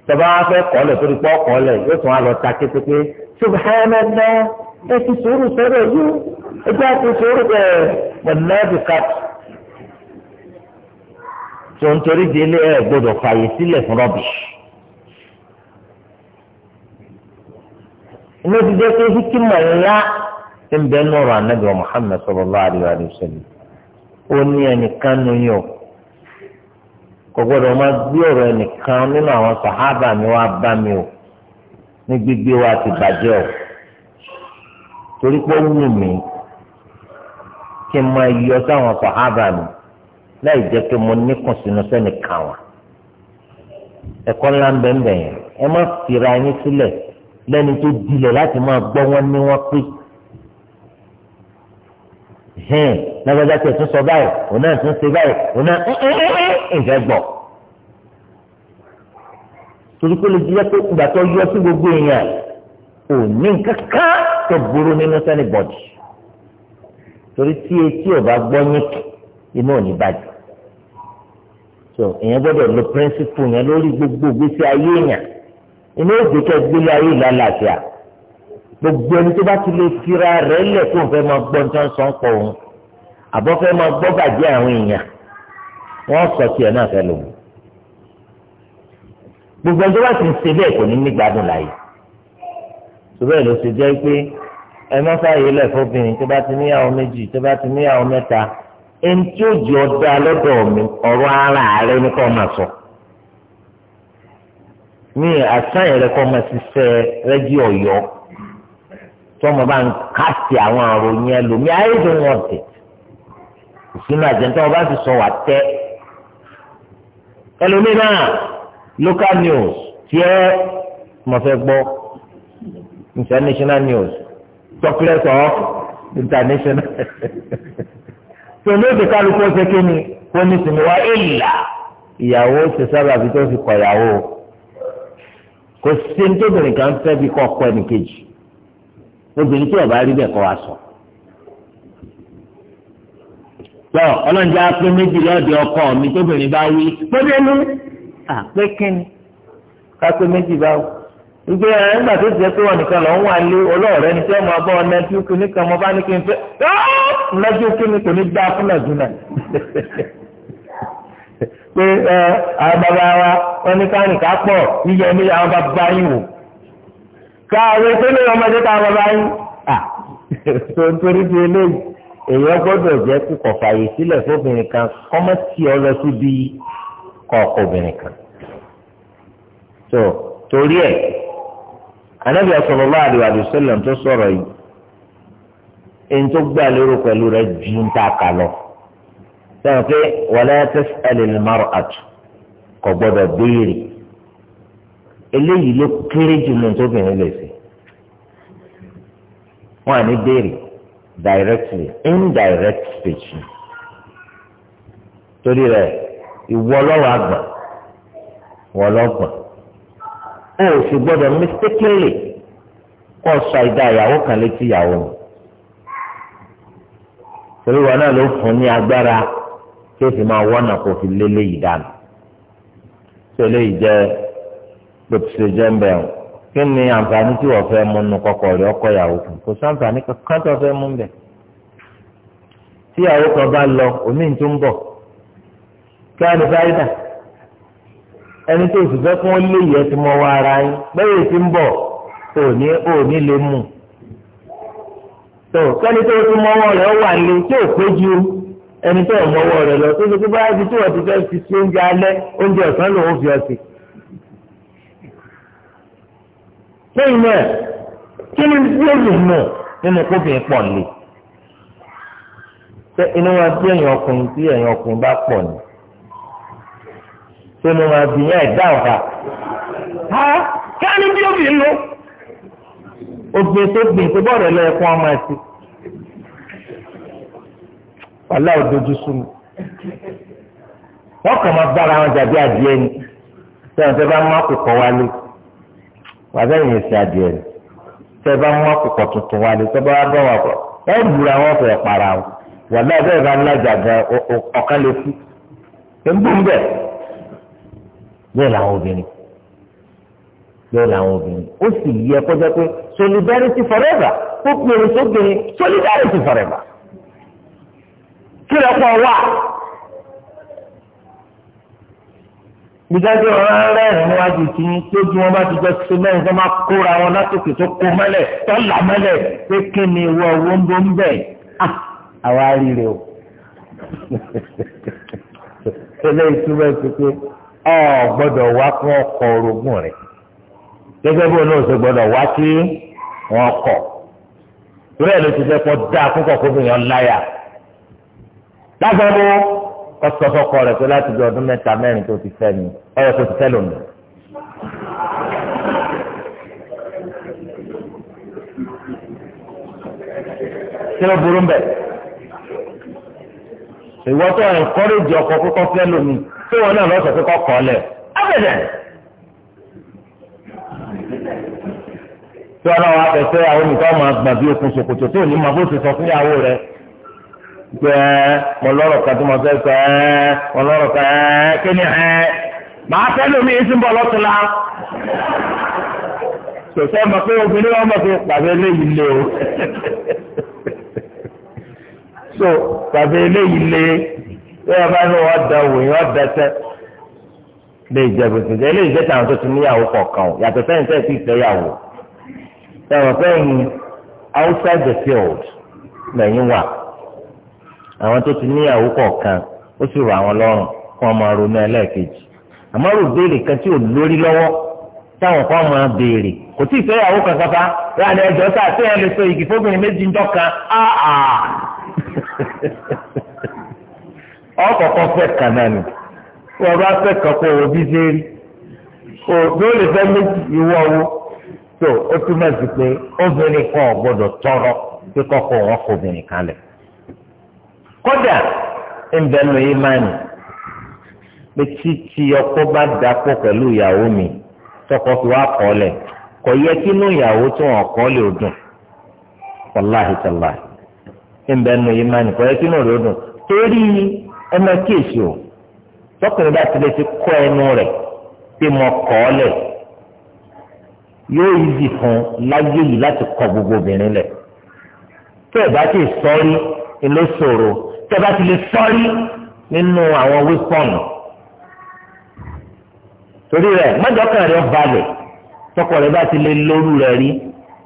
A: tọba wa fẹ́ kọ́lẹ̀ torí pọ́ kọ́lẹ̀ yóò tún wá lọ ta kékeré subhanallah ẹ ti sòrò sọ̀rọ̀ yìí ẹ jẹ́ àti sòrò bẹ́ẹ̀ mọ̀lẹ́bí kàtó tó ń torí délé ẹ gbọ́dọ̀ fààyè sílẹ̀ fún rọ́bìṣì. inú ti jẹ́ pé hikima ńlá ń bẹ nọ̀rọ̀ anábìá Muhammad sallallahu alaihi wa ó ní ẹnìkan nìyẹn kò ma máa gbé ọ̀rọ̀ ẹnìkan nínú àwọn sàhábà mi wá bá mi o ní gbígbé wa ti bàjẹ́ o torí pé ó wù mí kí n máa yọ sáwọn sàhábà mi láì jẹ́ pé mo níkùn sínú sẹ́nìkan wa ẹ̀kọ́ ńlá ń bẹ̀ ń bẹ̀ yẹn ẹ má fira yín sílẹ̀ lẹ́ni hẹ́n lágbájá tẹ̀ tún sọ báyìí o náà tún ṣe báyìí òun náà ǹjẹ́ gbọ̀. torí pé lè jẹ́ pé ìgbà tó yọ sí gbogbo èèyàn ò ní kankan tó burú nínú sẹ́ni bọ̀dì torí tí etí ò bá gbọ́ yínkì inú ò ní bàjẹ́ so èèyàn gbọ́dọ̀ lo píríncípù yẹn lórí gbogbo ìgbésí ayé èèyàn inú òbí kẹ́ gbélé ayé ìlú àlàáfíà gbogbo ẹni tó bá ti lè fira rẹ̀ lẹ̀ kó fẹ́ máa gbọ́ nǹkan sọ ń pọ̀ òun àbọ̀ fẹ́ máa gbọ́ bàjẹ́ àwọn èèyàn wọ́n sọ tiẹ̀ náà fẹ́ lò wọ́n gbogbo ẹni tó bá ti ń ṣe bẹ́ẹ̀ kò ní ní gbádùn láàyè ṣùgbọ́n ló ṣe jẹ́ pé ẹ má fààyè lẹ̀ fọ́bìnrin tó bá ti níyàwó méjì tó bá ti níyàwó mẹ́ta ẹni tí ó jẹ́ ọ̀dà lọ́dọ̀ mi ọ̀rọ̀ ara rẹ ní kò máa sọ ní àṣàyàn rẹ kò máa ṣiṣẹ́ rẹ́díò ọ̀yọ́ tí ọmọ bá ń kásì àwọn àròyìn ẹlòmíì ayé tó ń wọ̀n tẹ̀ ìsinmi àjẹntọ́ ọba ti sọ wà tẹ́ ẹlòmíì náà local news tiẹ́ mo fẹ́ gbọ́ international news chocolate of international tó lóde kálukú ọ̀sẹ̀ kéènì kó ní sinmi wá ìlà ìyàwó ṣe sábà bí tó fi kọ̀ ìyàwó kò sí ní tóbi nìkan fẹ́ bí kọ́ ọ̀pọ̀ ẹnìkejì obìnrin tí ó bá rí bẹ́ẹ̀ kọ́ wa sọ. lọ ọlọ́njẹ́ apé méjì lọ́ọ̀dẹ ọkọ mi tóbìnrin bá wí pépé nú àpé kíni kápé méjì bá wù. ìgbé ẹ̀ nígbà tó ti jẹ́ pé wọ́n nìkan lọ́ọ́ wà lé olóòrẹ́ ni tí ọmọ ọba ọ̀nà tí ó kíní kan mo bá ní kí n fẹ́ lọ́jọ́ kíní kò ní dá fún ẹ̀dúnà pé ẹ àwọn bàbá wa wọn ní ká nìkan pọ̀ yíyẹ ní àwọn bàbá yìí wò káàwé tó lè ọmọdé tá a bàbá tó ń torí di eléyìí èèyàn gbọ́dọ̀ jẹ́ kíkọ̀ fàyè sílẹ̀ fóbìnrin kan kọ́mọ́ tí ọ lọ síbi kọ̀ọ̀kọ̀ obìnrin kan. tó torí ẹ̀ anábìá sọ̀rọ̀ bá àdìwàdì sẹ́lẹ̀ tó sọ̀rọ̀ yìí èyí tó gbà lérò pẹ̀lú rẹ̀ ju ń ta kà lọ. sẹ́wọ̀n pé wala tas'alil mar'atu kò gbọ́dọ̀ béèrè eléyìí ló kéré jù lóun tóbìnrin lè wọn à ní béèrè directly indirect speech torí rẹ̀ ìwọ lọ́wọ́ àgbà wọ lọ́gbọ̀n o ò sì gbọ́dọ̀ mistakenly kọ́ sọ ìdá ìyàwó kan létí ìyàwó mi torí wọn náà ló fún ní agbára tí ó sì máa wọ́nà kó fi lélẹ́yìí dànù tó lè jẹ́ gbèsè jẹ́ ń bẹ̀rù. kí ni àǹfààní tí wọ́n fẹ́ mú nu kọ́kọ́ rẹ̀ ọkọ ìyàwó kan kò sáǹfààní kankan tó fẹ́ mú bẹ̀. tí ìyàwó kan bá lọ omi tó ń bọ̀ ẹni tó sì fẹ́ ó lé ìyẹ́ tí ara yín bẹ́ẹ̀ tí ń bọ̀ òní òní lè mú un. tó kẹ́ni tó tún mọ́wọ́ rẹ̀ ó wà lé tí ò péjú ẹni tó mọ́wọ́ lọ tó báyìí ti fẹ́ fi oúnjẹ alẹ́ oúnjẹ ọ̀sán lòún fi lẹ́yìn náà kí ni yóò lè mọ̀ nínú kófin pọ̀ lè ṣe inú wa bí ẹ̀yìn ọkùnrin tí ẹ̀yìn ọkùnrin bá pọ̀ ni ṣé inú wa bí yẹn ẹ̀dá ọ̀fà ha kí á ní bí ó fi lò obìnrin tó gbìn tó bọ̀rọ̀ ẹ̀ lọ́yẹ̀ fún ọmọ ẹ̀ sí wàhálà òdojú sùn wọ́n kàn máa bára wọn jàbí adìẹ ni tí wọ́n ti bá má kókó wálé wà sẹ́yìn èsì adìẹ rẹ̀ tẹ́ bá mú àkùkọ tuntun wá lé tẹ́ bá wá bá wà pọ̀ ẹ bùrọ̀ àwọn ọ̀fẹ́ para o wà láì bá ńlájà gan ọ̀kan lè kú ẹ̀ ń bú ń bẹ̀ làwọn obìnrin bẹ́ẹ̀ làwọn obìnrin ó sì yẹ kọjá pé solidarity forever ó pinnu sóbìnrin solidarity forever kí lè pọ̀ gbígbájọ́ ọ̀rọ̀ rẹ́rìn níwájú tí ń tójú wọn bá ti jọ ṣe mẹ́rin tó máa kóra wọn látòkè tó kó mọ́lẹ̀ tó là mọ́lẹ̀ pé kí ni ìwọ owó ń bọ́ ń bẹ̀ àwa rírẹ o tẹ́lẹ̀ ìtumọ̀ sí pé ọ gbọ́dọ̀ wá fún ọkọ̀ orogún rẹ̀ gẹ́gẹ́ bí olóò ṣe gbọ́dọ̀ wá sí wọn kọ̀ torí ló ti jẹ́ pọ́ dáa púpọ̀ kó kó sọ fọ́kọ rẹ̀ pé láti bí ọdún mẹ́ta mẹ́rin tó ti fẹ́ mi ọ̀rọ̀ kò ti fẹ́ lòmù. kí ló burú mbẹ ìwọ tó ẹnkọrẹjì ọkọ kókó fẹ́ lómi tí wọn náà lọsọ pé kọkọ lẹ abẹdẹ tí wọn náà wà fẹsẹ̀ àwọn nìkan máa gbà okùn ṣòkòtò tó ní máa bó ti sọ fún ìyàwó rẹ̀ pé ẹ mọ kan tí mo sọ ẹ mọ lọrọ kan ẹ kí ni ẹ màá lómi yìí ń so eléyìí lé ní wọn da wọn lè jẹ jẹ jẹ tàwọn tó ti o outside the field wà. àwọn tó ti níyàwó kọ̀ọ̀kan ó sì rọ àwọn lọ́rùn kó wọn máa ronú ẹlẹ́ẹ̀kejì àmọ́ rò béèrè kan tí ò lórí lọ́wọ́ táwọn kan máa béèrè kò tí ì fẹ́ ìyàwó kankan bá láàrin ẹjọ́ tá àti ẹ̀ lè so igi fóbìnrin méjì ń dọ́kan áà ọkọ̀ọ̀kan fẹ́ kàn náà nì wọ́n bá fẹ́ kàn kó o bí ṣe rí o yóò lè fẹ́ méjì ìwọ owó tó o túmọ̀ sí pé obìnrin kan ò gbọ́dọ̀ tọrọ pé kọ́kọ́ wọn kò obìnrin kan lẹ̀. kódà ìbẹ̀nu yìí máa pé títí ọkọ bá dapò pẹ̀lú ìyàwó mi tọkọ fi wá kọ́ lẹ̀ kò yẹ kí inú ìyàwó tó wọn kọ́ lè dùn wàláhì tàlá ìbẹ̀nu yìí máa nì kò yẹ kí inú rẹ̀ dùn torí ẹ máa o tọkùnrin bá tilẹ̀ ti kọ́ ẹnu rẹ̀ pé mo kọ́ yóò yíyí fún láyé yìí láti kọ gbogbo obìnrin lẹ̀ tó ẹ̀ bá ti sọ tẹ́bá ti lè sọ́rí nínú àwọn wípọ̀nù torí rẹ̀ mọ́jọ́kàn rẹ̀ balẹ̀ tọkọ rẹ̀ bá ti lè lóru rẹ̀ rí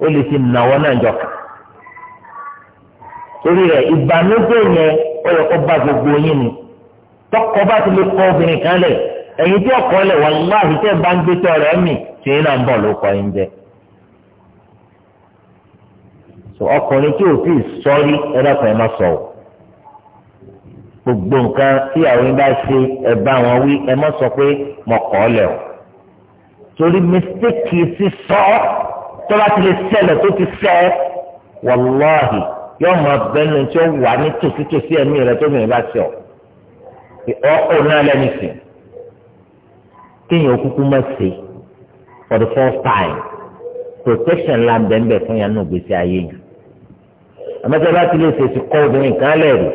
A: ó lè ti nàwọ́ náà jọkàn torí rẹ̀ ìbànújẹ́ yẹn ó yẹ kó bá gbogbo yín ni tọkọ bá ti lè kọ obìnrin kan lẹ̀ ẹ̀yin tí ọkọ lẹ̀ wà láàbí tẹ́ bá ń gbé tọ́ rẹ̀ mì tí yín náà ń bọ̀ ló kọ́ yín ọkùnrin tí ò tí ì sọ́rí ẹ̀dá kan ẹ̀ má sọ̀rọ̀ gbogbo nǹkan tíyàwó yín bá ṣe ẹ bá wọn wí ẹ mọ sọ pé mo kọ̀ ọ́ lẹ̀ o torí mistake sísọ tọ́lá ti lè ṣẹlẹ̀ tó ti ṣẹ wàláhì yóò mọ abẹ́nu tí ó wà ní tòsítòsí ẹ̀mí rẹ tó mìíràn bá ṣe ọ ọkọ̀ náà lẹ́nu sí kéèyàn kúkú má ṣe for the first time protection la bẹ̀ẹ̀ bẹ̀ fún yàn nù gbèsè ayé yìí àmọ́tẹ́ bá ti lè ṣèṣì kọ́ obìnrin kan lẹ́rìí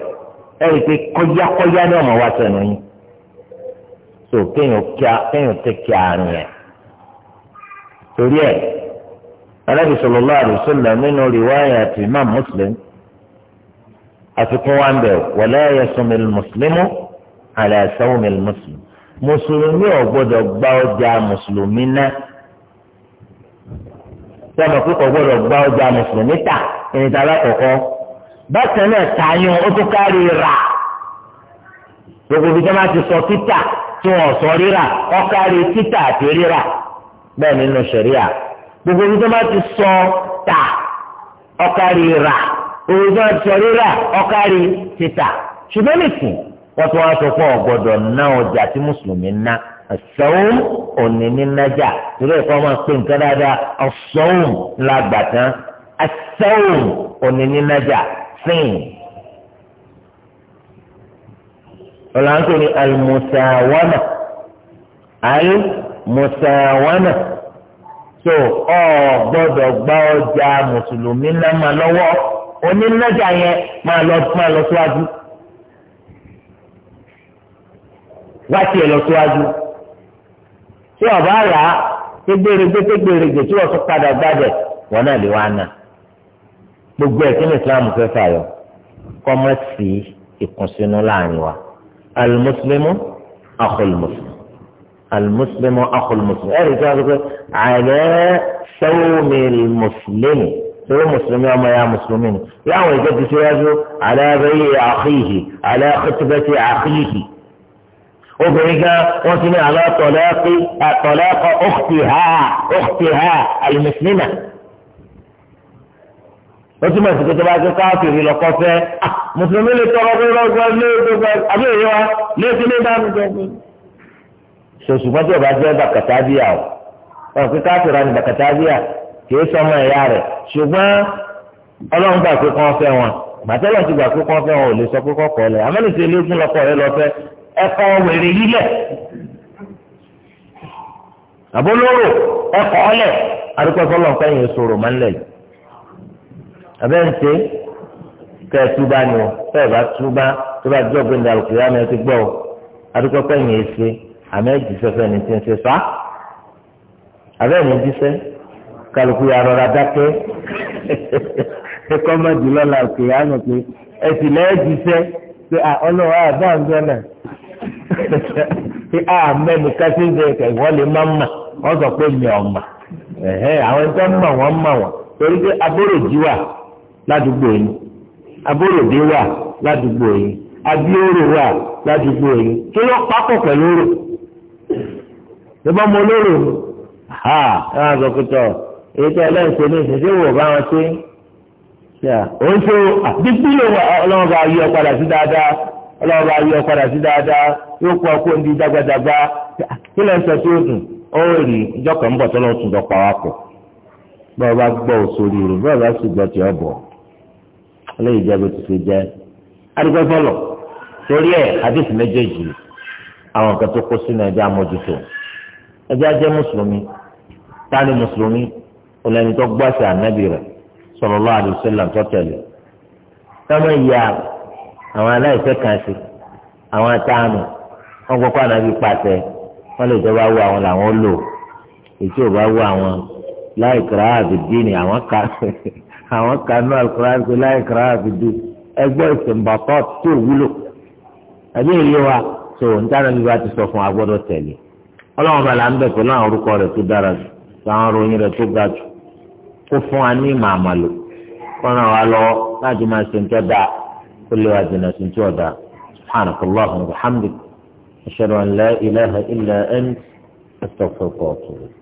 A: ẹ̀rí pé kọjákọjá ní ọmọ wa sẹ́nu yín so kéèyàn kíá kéèyàn tẹ kíá àrùn yẹn torí ẹ̀ alábi sallallahu alaihi wasallam nínú rìwáyà ti imam muslim àfikún wa ń bẹ wala yasum al-muslimu ala sawm al-muslim mùsùlùmí ò gbọ́dọ̀ ọjà mùsùlùmí náà sọmọ pé kò gbọ́dọ̀ ọjà mùsùlùmí tà ìrìntà alákọ̀ọ́kọ́. bákan náà tààyàn ó tún kárí rà gbogbo ibi tí wọ́n ti sọ títà tí sọ rírà ó kárí títà àti rírà nínú ṣẹ̀ríà gbogbo ibi tí ti sọ tà ó kárí rà gbogbo ibi tí ti sọ rírà ó kárí títà ṣùgbọ́n wọ́n tún wá sọ fún ọ̀gbọ́dọ̀ ná ọjà tí mùsùlùmí ná ọ̀sọ́hún òní nínájà torí ẹ̀kọ́ máa pè nǹkan dáadáa sin ọ̀làǹkó ni alimusawama alimusawama so ọ gbọ́dọ̀ gba ọjà mùsùlùmí náà máa lọ́wọ́ onínájà yẹn máa lọ máa lọ síwájú wá tiẹ̀ lọ síwájú tí ọba rà á tẹgbẹrẹgbẹ tẹgbẹrẹgbẹ tí wọ́n tún padà gbàdẹ wọn náà lè wá náà. gbogbo ẹ̀ kíni ni islam fẹ́ fàyọ kọ́ mọ́ sí ìkùnsínú láàrin wa alimuslimu akọlimuslimu alimuslimu akọlimuslimu ẹ̀rí tí wọ́n sọ pé àlẹ́ sẹ́wọ́mi mùsùlùmí sẹ́wọ́ mùsùlùmí ọmọ ya mùsùlùmí ni yàwọn ìjọ ti ṣíwájú àlẹ́ abẹ́yẹ àkìyì àlẹ́ musulumu omo àkíyì musulumu ni gan wọ́n ti ní àlọ́ tọ̀lẹ́kọ̀ ọ̀kùtì ha ọ̀kùtì ha alimuslima. wọ́n túmọ̀ sí pé tó bá gbé káfíìrì lọ́kọ́ fẹ́ mùsùlùmí lè tọrọ pé lọ́gbọ́n lé gbogbo àbí èyí wa lé sí lé dánú gbogbo. sòṣùgbọ́n tí ọba jẹ́ bàkàtàbíà o wọn pé káfíìrì ni bàkàtàbíà kìí sọmọ ẹ̀yà rẹ̀ ṣùgbọ́n ọlọ́run gbà pé kán fẹ́ wọn màtẹ́lẹ̀ ti gbà pé kán fẹ́ wọn ò lè sọ pé kọ́kọ́ lẹ̀ amẹ́lẹ́sẹ̀ eléégún abẹ́ ń ṣe kẹ́ ẹ túbá ni o kẹ́ ẹ bá túbá tó bá jọ́ gbẹ̀ndà òkèèrè àmì ẹtì gbọ́ o adúgbò pẹ̀yìn èsè àmì ẹ̀jì sẹ́fẹ́ ni ti ń ṣe fa abẹ́ jíṣẹ́ kálukú ya rọra dákẹ́ lọ́la òkèèrè àmì pé pé ọlọ́wọ́ àbá ń bẹ́ náà pé kásí ń bẹ lè má mà wọ́n sọ pé mi ọ̀ mà àwọn mà ládùúgbò yìí abóròdé wà ládùúgbò yìí abíóró wà ládùúgbò yìí kí ló pápọ̀ pẹ̀lú rò ìbọn mo lérò ha ẹ máa sọ pé tọ èyí tó ẹlẹ́sẹ̀ ní ìṣẹ̀ṣẹ̀ wò bá wọn ṣe òun tó àdìgbì ló wà ọlọ́run bá yí ọ padà sí dáadáa ọlọ́run bá yí ọ padà sí dáadáa yóò kó ọkọ ní dágbàdàgbà kí lẹ́yìn sọ tí dùn ó rí ìjọ ń bọ̀ tọ́lọ́ tún dọ̀ pàwápọ̀ bọ́ọ̀ bá gbọ́ òṣòrí rẹ̀ bọ́ọ̀ bá sì gbọ́ tí bọ̀ eléyìí jẹ́ bó ti ṣe jẹ́ adigun fọlọ̀ torí ẹ̀ hadith méjèèjì àwọn kan tó kó sínú ẹjẹ́ amójútó ẹjẹ́ ajẹ́ mùsùlùmí táni mùsùlùmí olóyìn tó gbọ́ ànábì rẹ̀ sallallahu alaihi wasallam tó tẹ̀lé táwọn ìyá àwọn aláìsẹ́ kan sí àwọn atáàmù wọn gbọ́ kó ànábì pàṣẹ wọn lè jọba wọ àwọn làwọn lò èyí tí ò bá wọ àwọn láì kíra àbìdí ni àwọn kà sí. àwọn kanú alukuraan pé láyé kra àbìdú ẹgbẹ́ ìsèǹbàtọ́ tó wúlò àbí èyí wa tó ntànà bíbá ti sọ fún agbọ́dọ̀ tẹ̀lé ọlọ́run bá la ń bẹ̀ pẹ̀lú àwọn orúkọ rẹ̀ tó dára jù táwọn ròyìn rẹ̀ tó ga jù kó fún wa ní ìmọ̀ kọ́nà wa lọ láti máa ṣe nǹkan dáa kó lè wa jìnnà sí ti ọ̀dà subhanaka allahumma wa bihamdik ashhadu an la ilaha illa anta astaghfiruka wa atubu ilayk